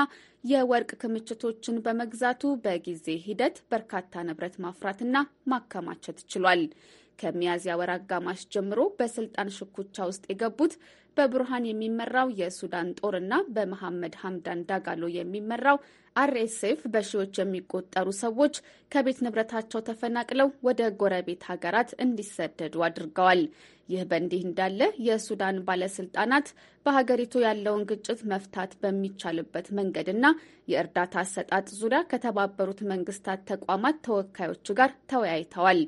የወርቅ ክምችቶችን በመግዛቱ በጊዜ ሂደት በርካታ ንብረት ማፍራትና ማከማቸት ችሏል። ከሚያዝያ ወር አጋማሽ ጀምሮ በስልጣን ሽኩቻ ውስጥ የገቡት በቡርሃን የሚመራው የሱዳን ጦርና በመሐመድ ሀምዳን ዳጋሎ የሚመራው አርኤስኤፍ በሺዎች የሚቆጠሩ ሰዎች ከቤት ንብረታቸው ተፈናቅለው ወደ ጎረቤት ሀገራት እንዲሰደዱ አድርገዋል። ይህ በእንዲህ እንዳለ የሱዳን ባለስልጣናት በሀገሪቱ ያለውን ግጭት መፍታት በሚቻልበት መንገድና የእርዳታ አሰጣጥ ዙሪያ ከተባበሩት መንግስታት ተቋማት ተወካዮች ጋር ተወያይተዋል።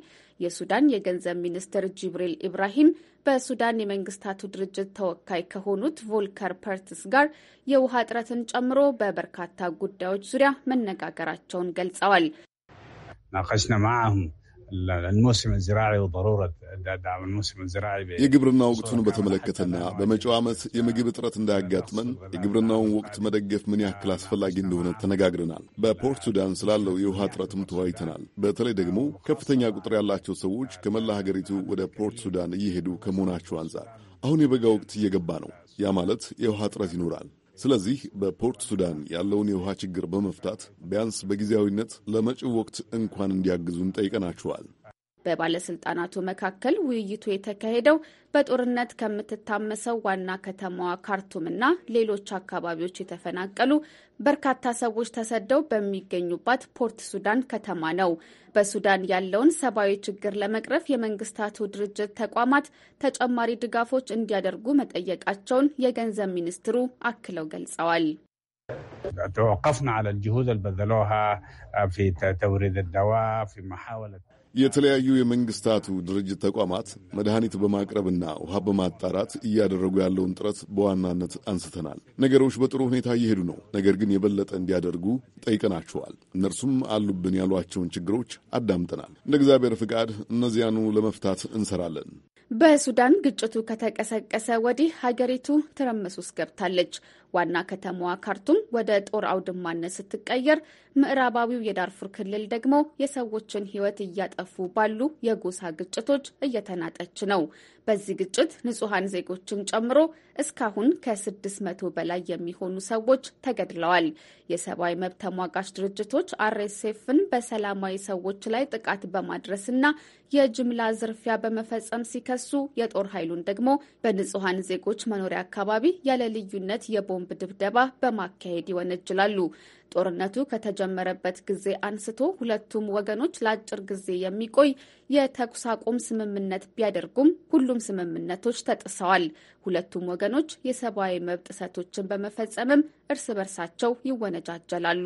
የሱዳን የገንዘብ ሚኒስትር ጅብሪል ኢብራሂም በሱዳን የመንግስታቱ ድርጅት ተወካይ ከሆኑት ቮልከር ፐርትስ ጋር የውሃ እጥረትን ጨምሮ በበርካታ ጉዳዮች ዙሪያ መነጋገራቸውን ገልጸዋል። ናቀሽና الموسم الزراعي وضروره دعم الموسم الزراعي የግብርና ወቅቱን በተመለከተና በመጪው ዓመት የምግብ እጥረት እንዳያጋጥመን የግብርናውን ወቅት መደገፍ ምን ያክል አስፈላጊ እንደሆነ ተነጋግረናል። በፖርት ሱዳን ስላለው የውሃ እጥረትም ተወያይተናል። በተለይ ደግሞ ከፍተኛ ቁጥር ያላቸው ሰዎች ከመላ ሀገሪቱ ወደ ፖርት ሱዳን እየሄዱ ከመሆናቸው አንጻር አሁን የበጋ ወቅት እየገባ ነው። ያ ማለት የውሃ እጥረት ይኖራል። ስለዚህ በፖርት ሱዳን ያለውን የውሃ ችግር በመፍታት ቢያንስ በጊዜያዊነት ለመጪው ወቅት እንኳን እንዲያግዙን ጠይቀናችኋል። በባለስልጣናቱ መካከል ውይይቱ የተካሄደው በጦርነት ከምትታመሰው ዋና ከተማዋ ካርቱም እና ሌሎች አካባቢዎች የተፈናቀሉ በርካታ ሰዎች ተሰደው በሚገኙባት ፖርት ሱዳን ከተማ ነው። በሱዳን ያለውን ሰብአዊ ችግር ለመቅረፍ የመንግስታቱ ድርጅት ተቋማት ተጨማሪ ድጋፎች እንዲያደርጉ መጠየቃቸውን የገንዘብ ሚኒስትሩ አክለው ገልጸዋል። ተወቀፍና ለ ጅሁድ አልበዘሎሃ ተውሪድ ደዋ ፊ የተለያዩ የመንግስታቱ ድርጅት ተቋማት መድኃኒት በማቅረብና ውሃ በማጣራት እያደረጉ ያለውን ጥረት በዋናነት አንስተናል። ነገሮች በጥሩ ሁኔታ እየሄዱ ነው፣ ነገር ግን የበለጠ እንዲያደርጉ ጠይቀናቸዋል። እነርሱም አሉብን ያሏቸውን ችግሮች አዳምጠናል። እንደ እግዚአብሔር ፍቃድ እነዚያኑ ለመፍታት እንሰራለን። በሱዳን ግጭቱ ከተቀሰቀሰ ወዲህ ሀገሪቱ ትርምስ ውስጥ ገብታለች። ዋና ከተማዋ ካርቱም ወደ ጦር አውድማነት ስትቀየር፣ ምዕራባዊው የዳርፉር ክልል ደግሞ የሰዎችን ሕይወት እያጠፉ ባሉ የጎሳ ግጭቶች እየተናጠች ነው። በዚህ ግጭት ንጹሐን ዜጎችን ጨምሮ እስካሁን ከ600 በላይ የሚሆኑ ሰዎች ተገድለዋል። የሰብአዊ መብት ተሟጋች ድርጅቶች አርኤስኤፍን በሰላማዊ ሰዎች ላይ ጥቃት በማድረስና የጅምላ ዝርፊያ በመፈጸም ሲከሱ የጦር ኃይሉን ደግሞ በንጹሐን ዜጎች መኖሪያ አካባቢ ያለ ልዩነት የቦምብ ድብደባ በማካሄድ ይወነጅላሉ። ጦርነቱ ከተጀመረበት ጊዜ አንስቶ ሁለቱም ወገኖች ለአጭር ጊዜ የሚቆይ የተኩስ አቁም ስምምነት ቢያደርጉም ሁሉም ስምምነቶች ተጥሰዋል። ሁለቱም ወገኖች የሰብአዊ መብት ጥሰቶችን በመፈጸምም እርስ በርሳቸው ይወነጃጀላሉ።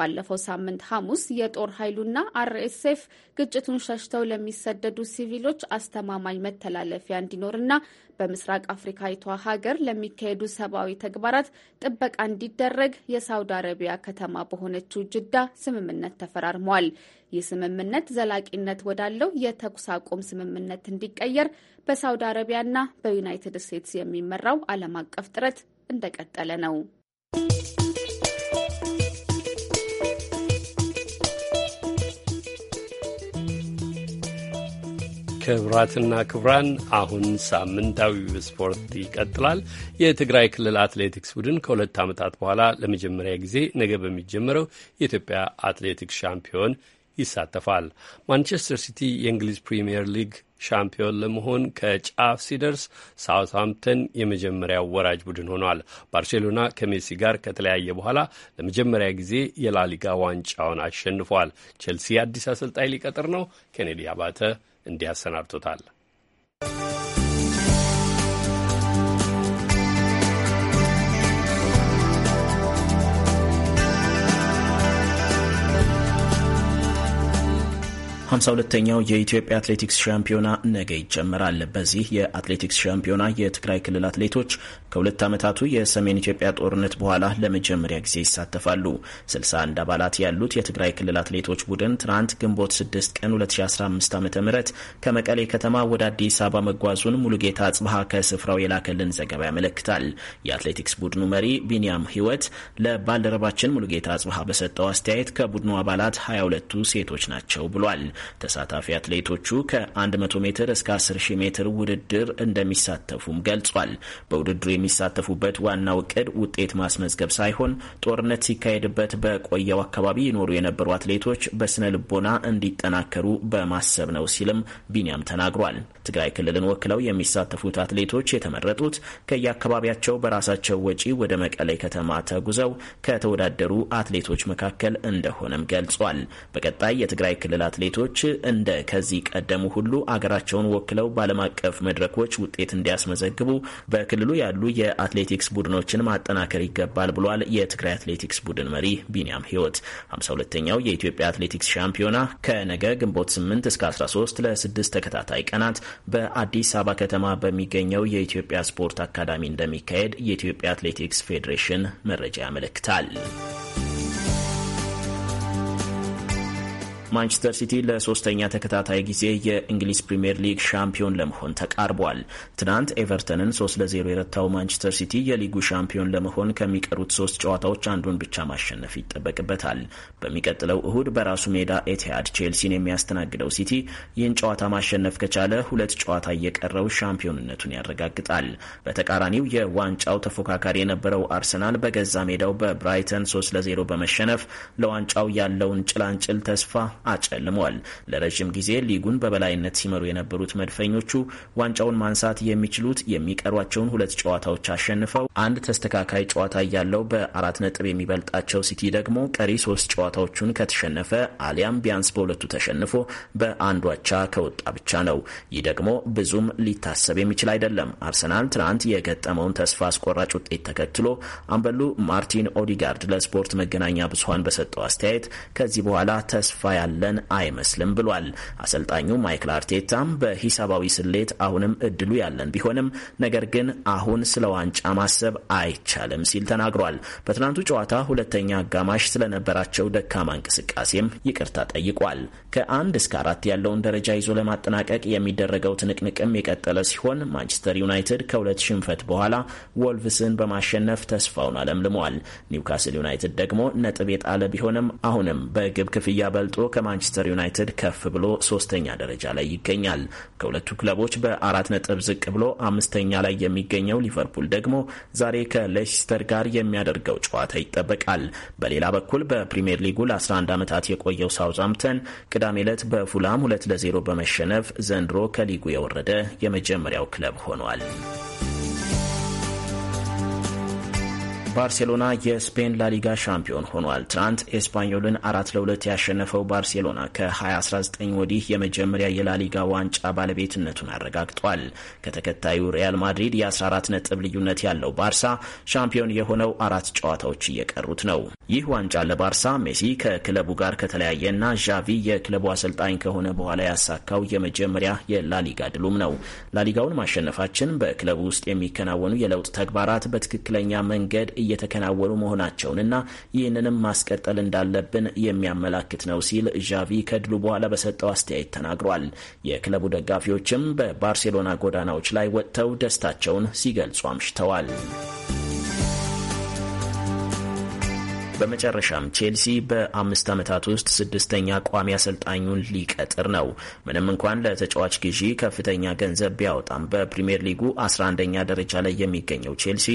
ባለፈው ሳምንት ሐሙስ የጦር ኃይሉና አርኤስኤፍ ግጭቱን ሸሽተው ለሚሰደዱ ሲቪሎች አስተማማኝ መተላለፊያ እንዲኖርና በምስራቅ አፍሪካዊቷ ሀገር ለሚካሄዱ ሰብአዊ ተግባራት ጥበቃ እንዲደረግ የሳውዲ አረቢያ ከተማ በሆነችው ጅዳ ስምምነት ተፈራርመዋል። ይህ ስምምነት ዘላቂነት ወዳለው የተኩስ አቁም ስምምነት እንዲቀየር በሳውዲ አረቢያና በዩናይትድ ስቴትስ የሚመራው ዓለም አቀፍ ጥረት እንደቀጠለ ነው። ክብራትና ክብራን አሁን ሳምንታዊ ስፖርት ይቀጥላል። የትግራይ ክልል አትሌቲክስ ቡድን ከሁለት ዓመታት በኋላ ለመጀመሪያ ጊዜ ነገ በሚጀመረው የኢትዮጵያ አትሌቲክስ ሻምፒዮን ይሳተፋል። ማንቸስተር ሲቲ የእንግሊዝ ፕሪምየር ሊግ ሻምፒዮን ለመሆን ከጫፍ ሲደርስ ሳውትሃምፕተን የመጀመሪያው ወራጅ ቡድን ሆኗል። ባርሴሎና ከሜሲ ጋር ከተለያየ በኋላ ለመጀመሪያ ጊዜ የላሊጋ ዋንጫውን አሸንፏል። ቼልሲ አዲስ አሰልጣኝ ሊቀጥር ነው። ኬኔዲ አባተ እንዲህ ያሰናብቶታል። ሀምሳ ሁለተኛው የኢትዮጵያ አትሌቲክስ ሻምፒዮና ነገ ይጀምራል። በዚህ የአትሌቲክስ ሻምፒዮና የትግራይ ክልል አትሌቶች ከሁለት ዓመታቱ የሰሜን ኢትዮጵያ ጦርነት በኋላ ለመጀመሪያ ጊዜ ይሳተፋሉ። 61 አባላት ያሉት የትግራይ ክልል አትሌቶች ቡድን ትናንት ግንቦት 6 ቀን 2015 ዓ ም ከመቀሌ ከተማ ወደ አዲስ አበባ መጓዙን ሙሉጌታ አጽብሃ ከስፍራው የላከልን ዘገባ ያመለክታል። የአትሌቲክስ ቡድኑ መሪ ቢንያም ህይወት ለባልደረባችን ሙሉጌታ አጽብሃ በሰጠው አስተያየት ከቡድኑ አባላት 22ቱ ሴቶች ናቸው ብሏል። ተሳታፊ አትሌቶቹ ከ100 ሜትር እስከ 10 ሺህ ሜትር ውድድር እንደሚሳተፉም ገልጿል። በውድድሩ የሚሳተፉበት ዋናው እቅድ ውጤት ማስመዝገብ ሳይሆን ጦርነት ሲካሄድበት በቆየው አካባቢ ይኖሩ የነበሩ አትሌቶች በስነ ልቦና እንዲጠናከሩ በማሰብ ነው ሲልም ቢኒያም ተናግሯል። ትግራይ ክልልን ወክለው የሚሳተፉት አትሌቶች የተመረጡት ከየአካባቢያቸው በራሳቸው ወጪ ወደ መቀሌ ከተማ ተጉዘው ከተወዳደሩ አትሌቶች መካከል እንደሆነም ገልጿል። በቀጣይ የትግራይ ክልል አትሌቶች እንደ ከዚህ ቀደሙ ሁሉ አገራቸውን ወክለው በዓለም አቀፍ መድረኮች ውጤት እንዲያስመዘግቡ በክልሉ ያሉ የአትሌቲክስ ቡድኖችን ማጠናከር ይገባል ብሏል። የትግራይ አትሌቲክስ ቡድን መሪ ቢንያም ህይወት 52ኛው የኢትዮጵያ አትሌቲክስ ሻምፒዮና ከነገ ግንቦት 8 እስከ 13 ለስድስት ተከታታይ ቀናት በአዲስ አበባ ከተማ በሚገኘው የኢትዮጵያ ስፖርት አካዳሚ እንደሚካሄድ የኢትዮጵያ አትሌቲክስ ፌዴሬሽን መረጃ ያመለክታል። ማንቸስተር ሲቲ ለሶስተኛ ተከታታይ ጊዜ የእንግሊዝ ፕሪምየር ሊግ ሻምፒዮን ለመሆን ተቃርቧል። ትናንት ኤቨርተንን 3 ለ0 የረታው ማንቸስተር ሲቲ የሊጉ ሻምፒዮን ለመሆን ከሚቀሩት ሶስት ጨዋታዎች አንዱን ብቻ ማሸነፍ ይጠበቅበታል። በሚቀጥለው እሁድ በራሱ ሜዳ ኤቲያድ ቼልሲን የሚያስተናግደው ሲቲ ይህን ጨዋታ ማሸነፍ ከቻለ ሁለት ጨዋታ እየቀረው ሻምፒዮንነቱን ያረጋግጣል። በተቃራኒው የዋንጫው ተፎካካሪ የነበረው አርሰናል በገዛ ሜዳው በብራይተን 3 ለ0 በመሸነፍ ለዋንጫው ያለውን ጭላንጭል ተስፋ አጨልሟል። ለረዥም ጊዜ ሊጉን በበላይነት ሲመሩ የነበሩት መድፈኞቹ ዋንጫውን ማንሳት የሚችሉት የሚቀሯቸውን ሁለት ጨዋታዎች አሸንፈው አንድ ተስተካካይ ጨዋታ እያለው በአራት ነጥብ የሚበልጣቸው ሲቲ ደግሞ ቀሪ ሶስት ጨዋታዎቹን ከተሸነፈ አሊያም ቢያንስ በሁለቱ ተሸንፎ በአንዷቻ ከወጣ ብቻ ነው። ይህ ደግሞ ብዙም ሊታሰብ የሚችል አይደለም። አርሰናል ትናንት የገጠመውን ተስፋ አስቆራጭ ውጤት ተከትሎ አምበሉ ማርቲን ኦዲጋርድ ለስፖርት መገናኛ ብዙሃን በሰጠው አስተያየት ከዚህ በኋላ ተስፋ ያለ ያለን አይመስልም ብሏል። አሰልጣኙ ማይክል አርቴታም በሂሳባዊ ስሌት አሁንም እድሉ ያለን ቢሆንም ነገር ግን አሁን ስለ ዋንጫ ማሰብ አይቻልም ሲል ተናግሯል። በትናንቱ ጨዋታ ሁለተኛ አጋማሽ ስለነበራቸው ደካማ እንቅስቃሴም ይቅርታ ጠይቋል። ከአንድ እስከ አራት ያለውን ደረጃ ይዞ ለማጠናቀቅ የሚደረገው ትንቅንቅም የቀጠለ ሲሆን ማንቸስተር ዩናይትድ ከሁለት ሽንፈት በኋላ ወልቭስን በማሸነፍ ተስፋውን አለምልሟል። ኒውካስል ዩናይትድ ደግሞ ነጥብ የጣለ ቢሆንም አሁንም በግብ ክፍያ በልጦ ከማንቸስተር ዩናይትድ ከፍ ብሎ ሶስተኛ ደረጃ ላይ ይገኛል። ከሁለቱ ክለቦች በአራት ነጥብ ዝቅ ብሎ አምስተኛ ላይ የሚገኘው ሊቨርፑል ደግሞ ዛሬ ከሌስተር ጋር የሚያደርገው ጨዋታ ይጠበቃል። በሌላ በኩል በፕሪምየር ሊጉ ለ11 ዓመታት የቆየው ሳውዝሃምፕተን ቅዳሜ ዕለት በፉላም 2 ለ0 በመሸነፍ ዘንድሮ ከሊጉ የወረደ የመጀመሪያው ክለብ ሆኗል። ባርሴሎና የስፔን ላሊጋ ሻምፒዮን ሆኗል። ትናንት ኤስፓኞልን አራት ለሁለት ያሸነፈው ባርሴሎና ከ2019 ወዲህ የመጀመሪያ የላሊጋ ዋንጫ ባለቤትነቱን አረጋግጧል። ከተከታዩ ሪያል ማድሪድ የ14 ነጥብ ልዩነት ያለው ባርሳ ሻምፒዮን የሆነው አራት ጨዋታዎች እየቀሩት ነው። ይህ ዋንጫ ለባርሳ ሜሲ ከክለቡ ጋር ከተለያየና ዣቪ የክለቡ አሰልጣኝ ከሆነ በኋላ ያሳካው የመጀመሪያ የላሊጋ ድሉም ነው። ላሊጋውን ማሸነፋችን በክለቡ ውስጥ የሚከናወኑ የለውጥ ተግባራት በትክክለኛ መንገድ እየተከናወኑ መሆናቸውንና ይህንንም ማስቀጠል እንዳለብን የሚያመላክት ነው ሲል ዣቪ ከድሉ በኋላ በሰጠው አስተያየት ተናግሯል። የክለቡ ደጋፊዎችም በባርሴሎና ጎዳናዎች ላይ ወጥተው ደስታቸውን ሲገልጹ አምሽተዋል። በመጨረሻም ቼልሲ በአምስት ዓመታት ውስጥ ስድስተኛ ቋሚ አሰልጣኙን ሊቀጥር ነው። ምንም እንኳን ለተጫዋች ግዢ ከፍተኛ ገንዘብ ቢያወጣም በፕሪምየር ሊጉ 11ኛ ደረጃ ላይ የሚገኘው ቼልሲ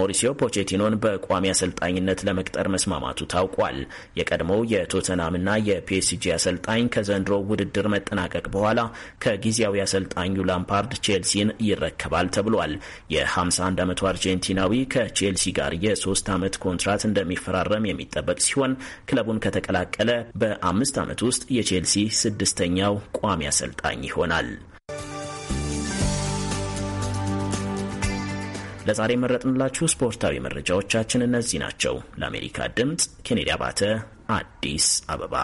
ሞሪሲዮ ፖቼቲኖን በቋሚ አሰልጣኝነት ለመቅጠር መስማማቱ ታውቋል። የቀድሞው የቶተናምና የፒኤስጂ አሰልጣኝ ከዘንድሮ ውድድር መጠናቀቅ በኋላ ከጊዜያዊ አሰልጣኙ ላምፓርድ ቼልሲን ይረከባል ተብሏል። የ51 ዓመቱ አርጀንቲናዊ ከቼልሲ ጋር የሶስት ዓመት ኮንትራት እንደሚፈራረም የሚጠበቅ ሲሆን ክለቡን ከተቀላቀለ በአምስት ዓመት ውስጥ የቼልሲ ስድስተኛው ቋሚ አሰልጣኝ ይሆናል። ለዛሬ የመረጥንላችሁ ስፖርታዊ መረጃዎቻችን እነዚህ ናቸው። ለአሜሪካ ድምፅ ኬኔዲ አባተ አዲስ አበባ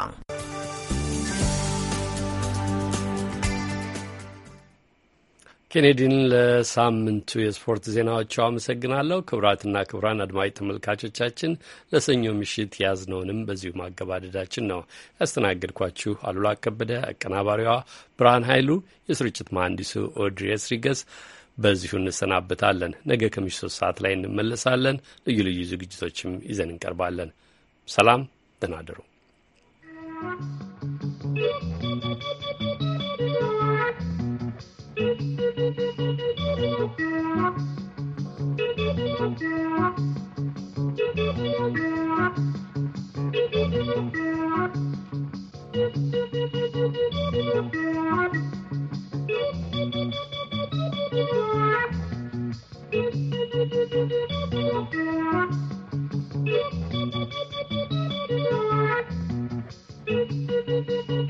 ኬኔዲን ለሳምንቱ የስፖርት ዜናዎቹ አመሰግናለሁ። ክቡራትና ክቡራን አድማጭ ተመልካቾቻችን ለሰኞ ምሽት ያዝነውንም በዚሁ ማገባደዳችን ነው። ያስተናገድኳችሁ አሉላ ከበደ፣ አቀናባሪዋ ብርሃን ኃይሉ፣ የስርጭት መሐንዲሱ ኦድሪየስ ሪገስ። በዚሁ እንሰናበታለን። ነገ ከምሽት ሶስት ሰዓት ላይ እንመለሳለን። ልዩ ልዩ ዝግጅቶችም ይዘን እንቀርባለን። ሰላም፣ ደህና እደሩ። thank you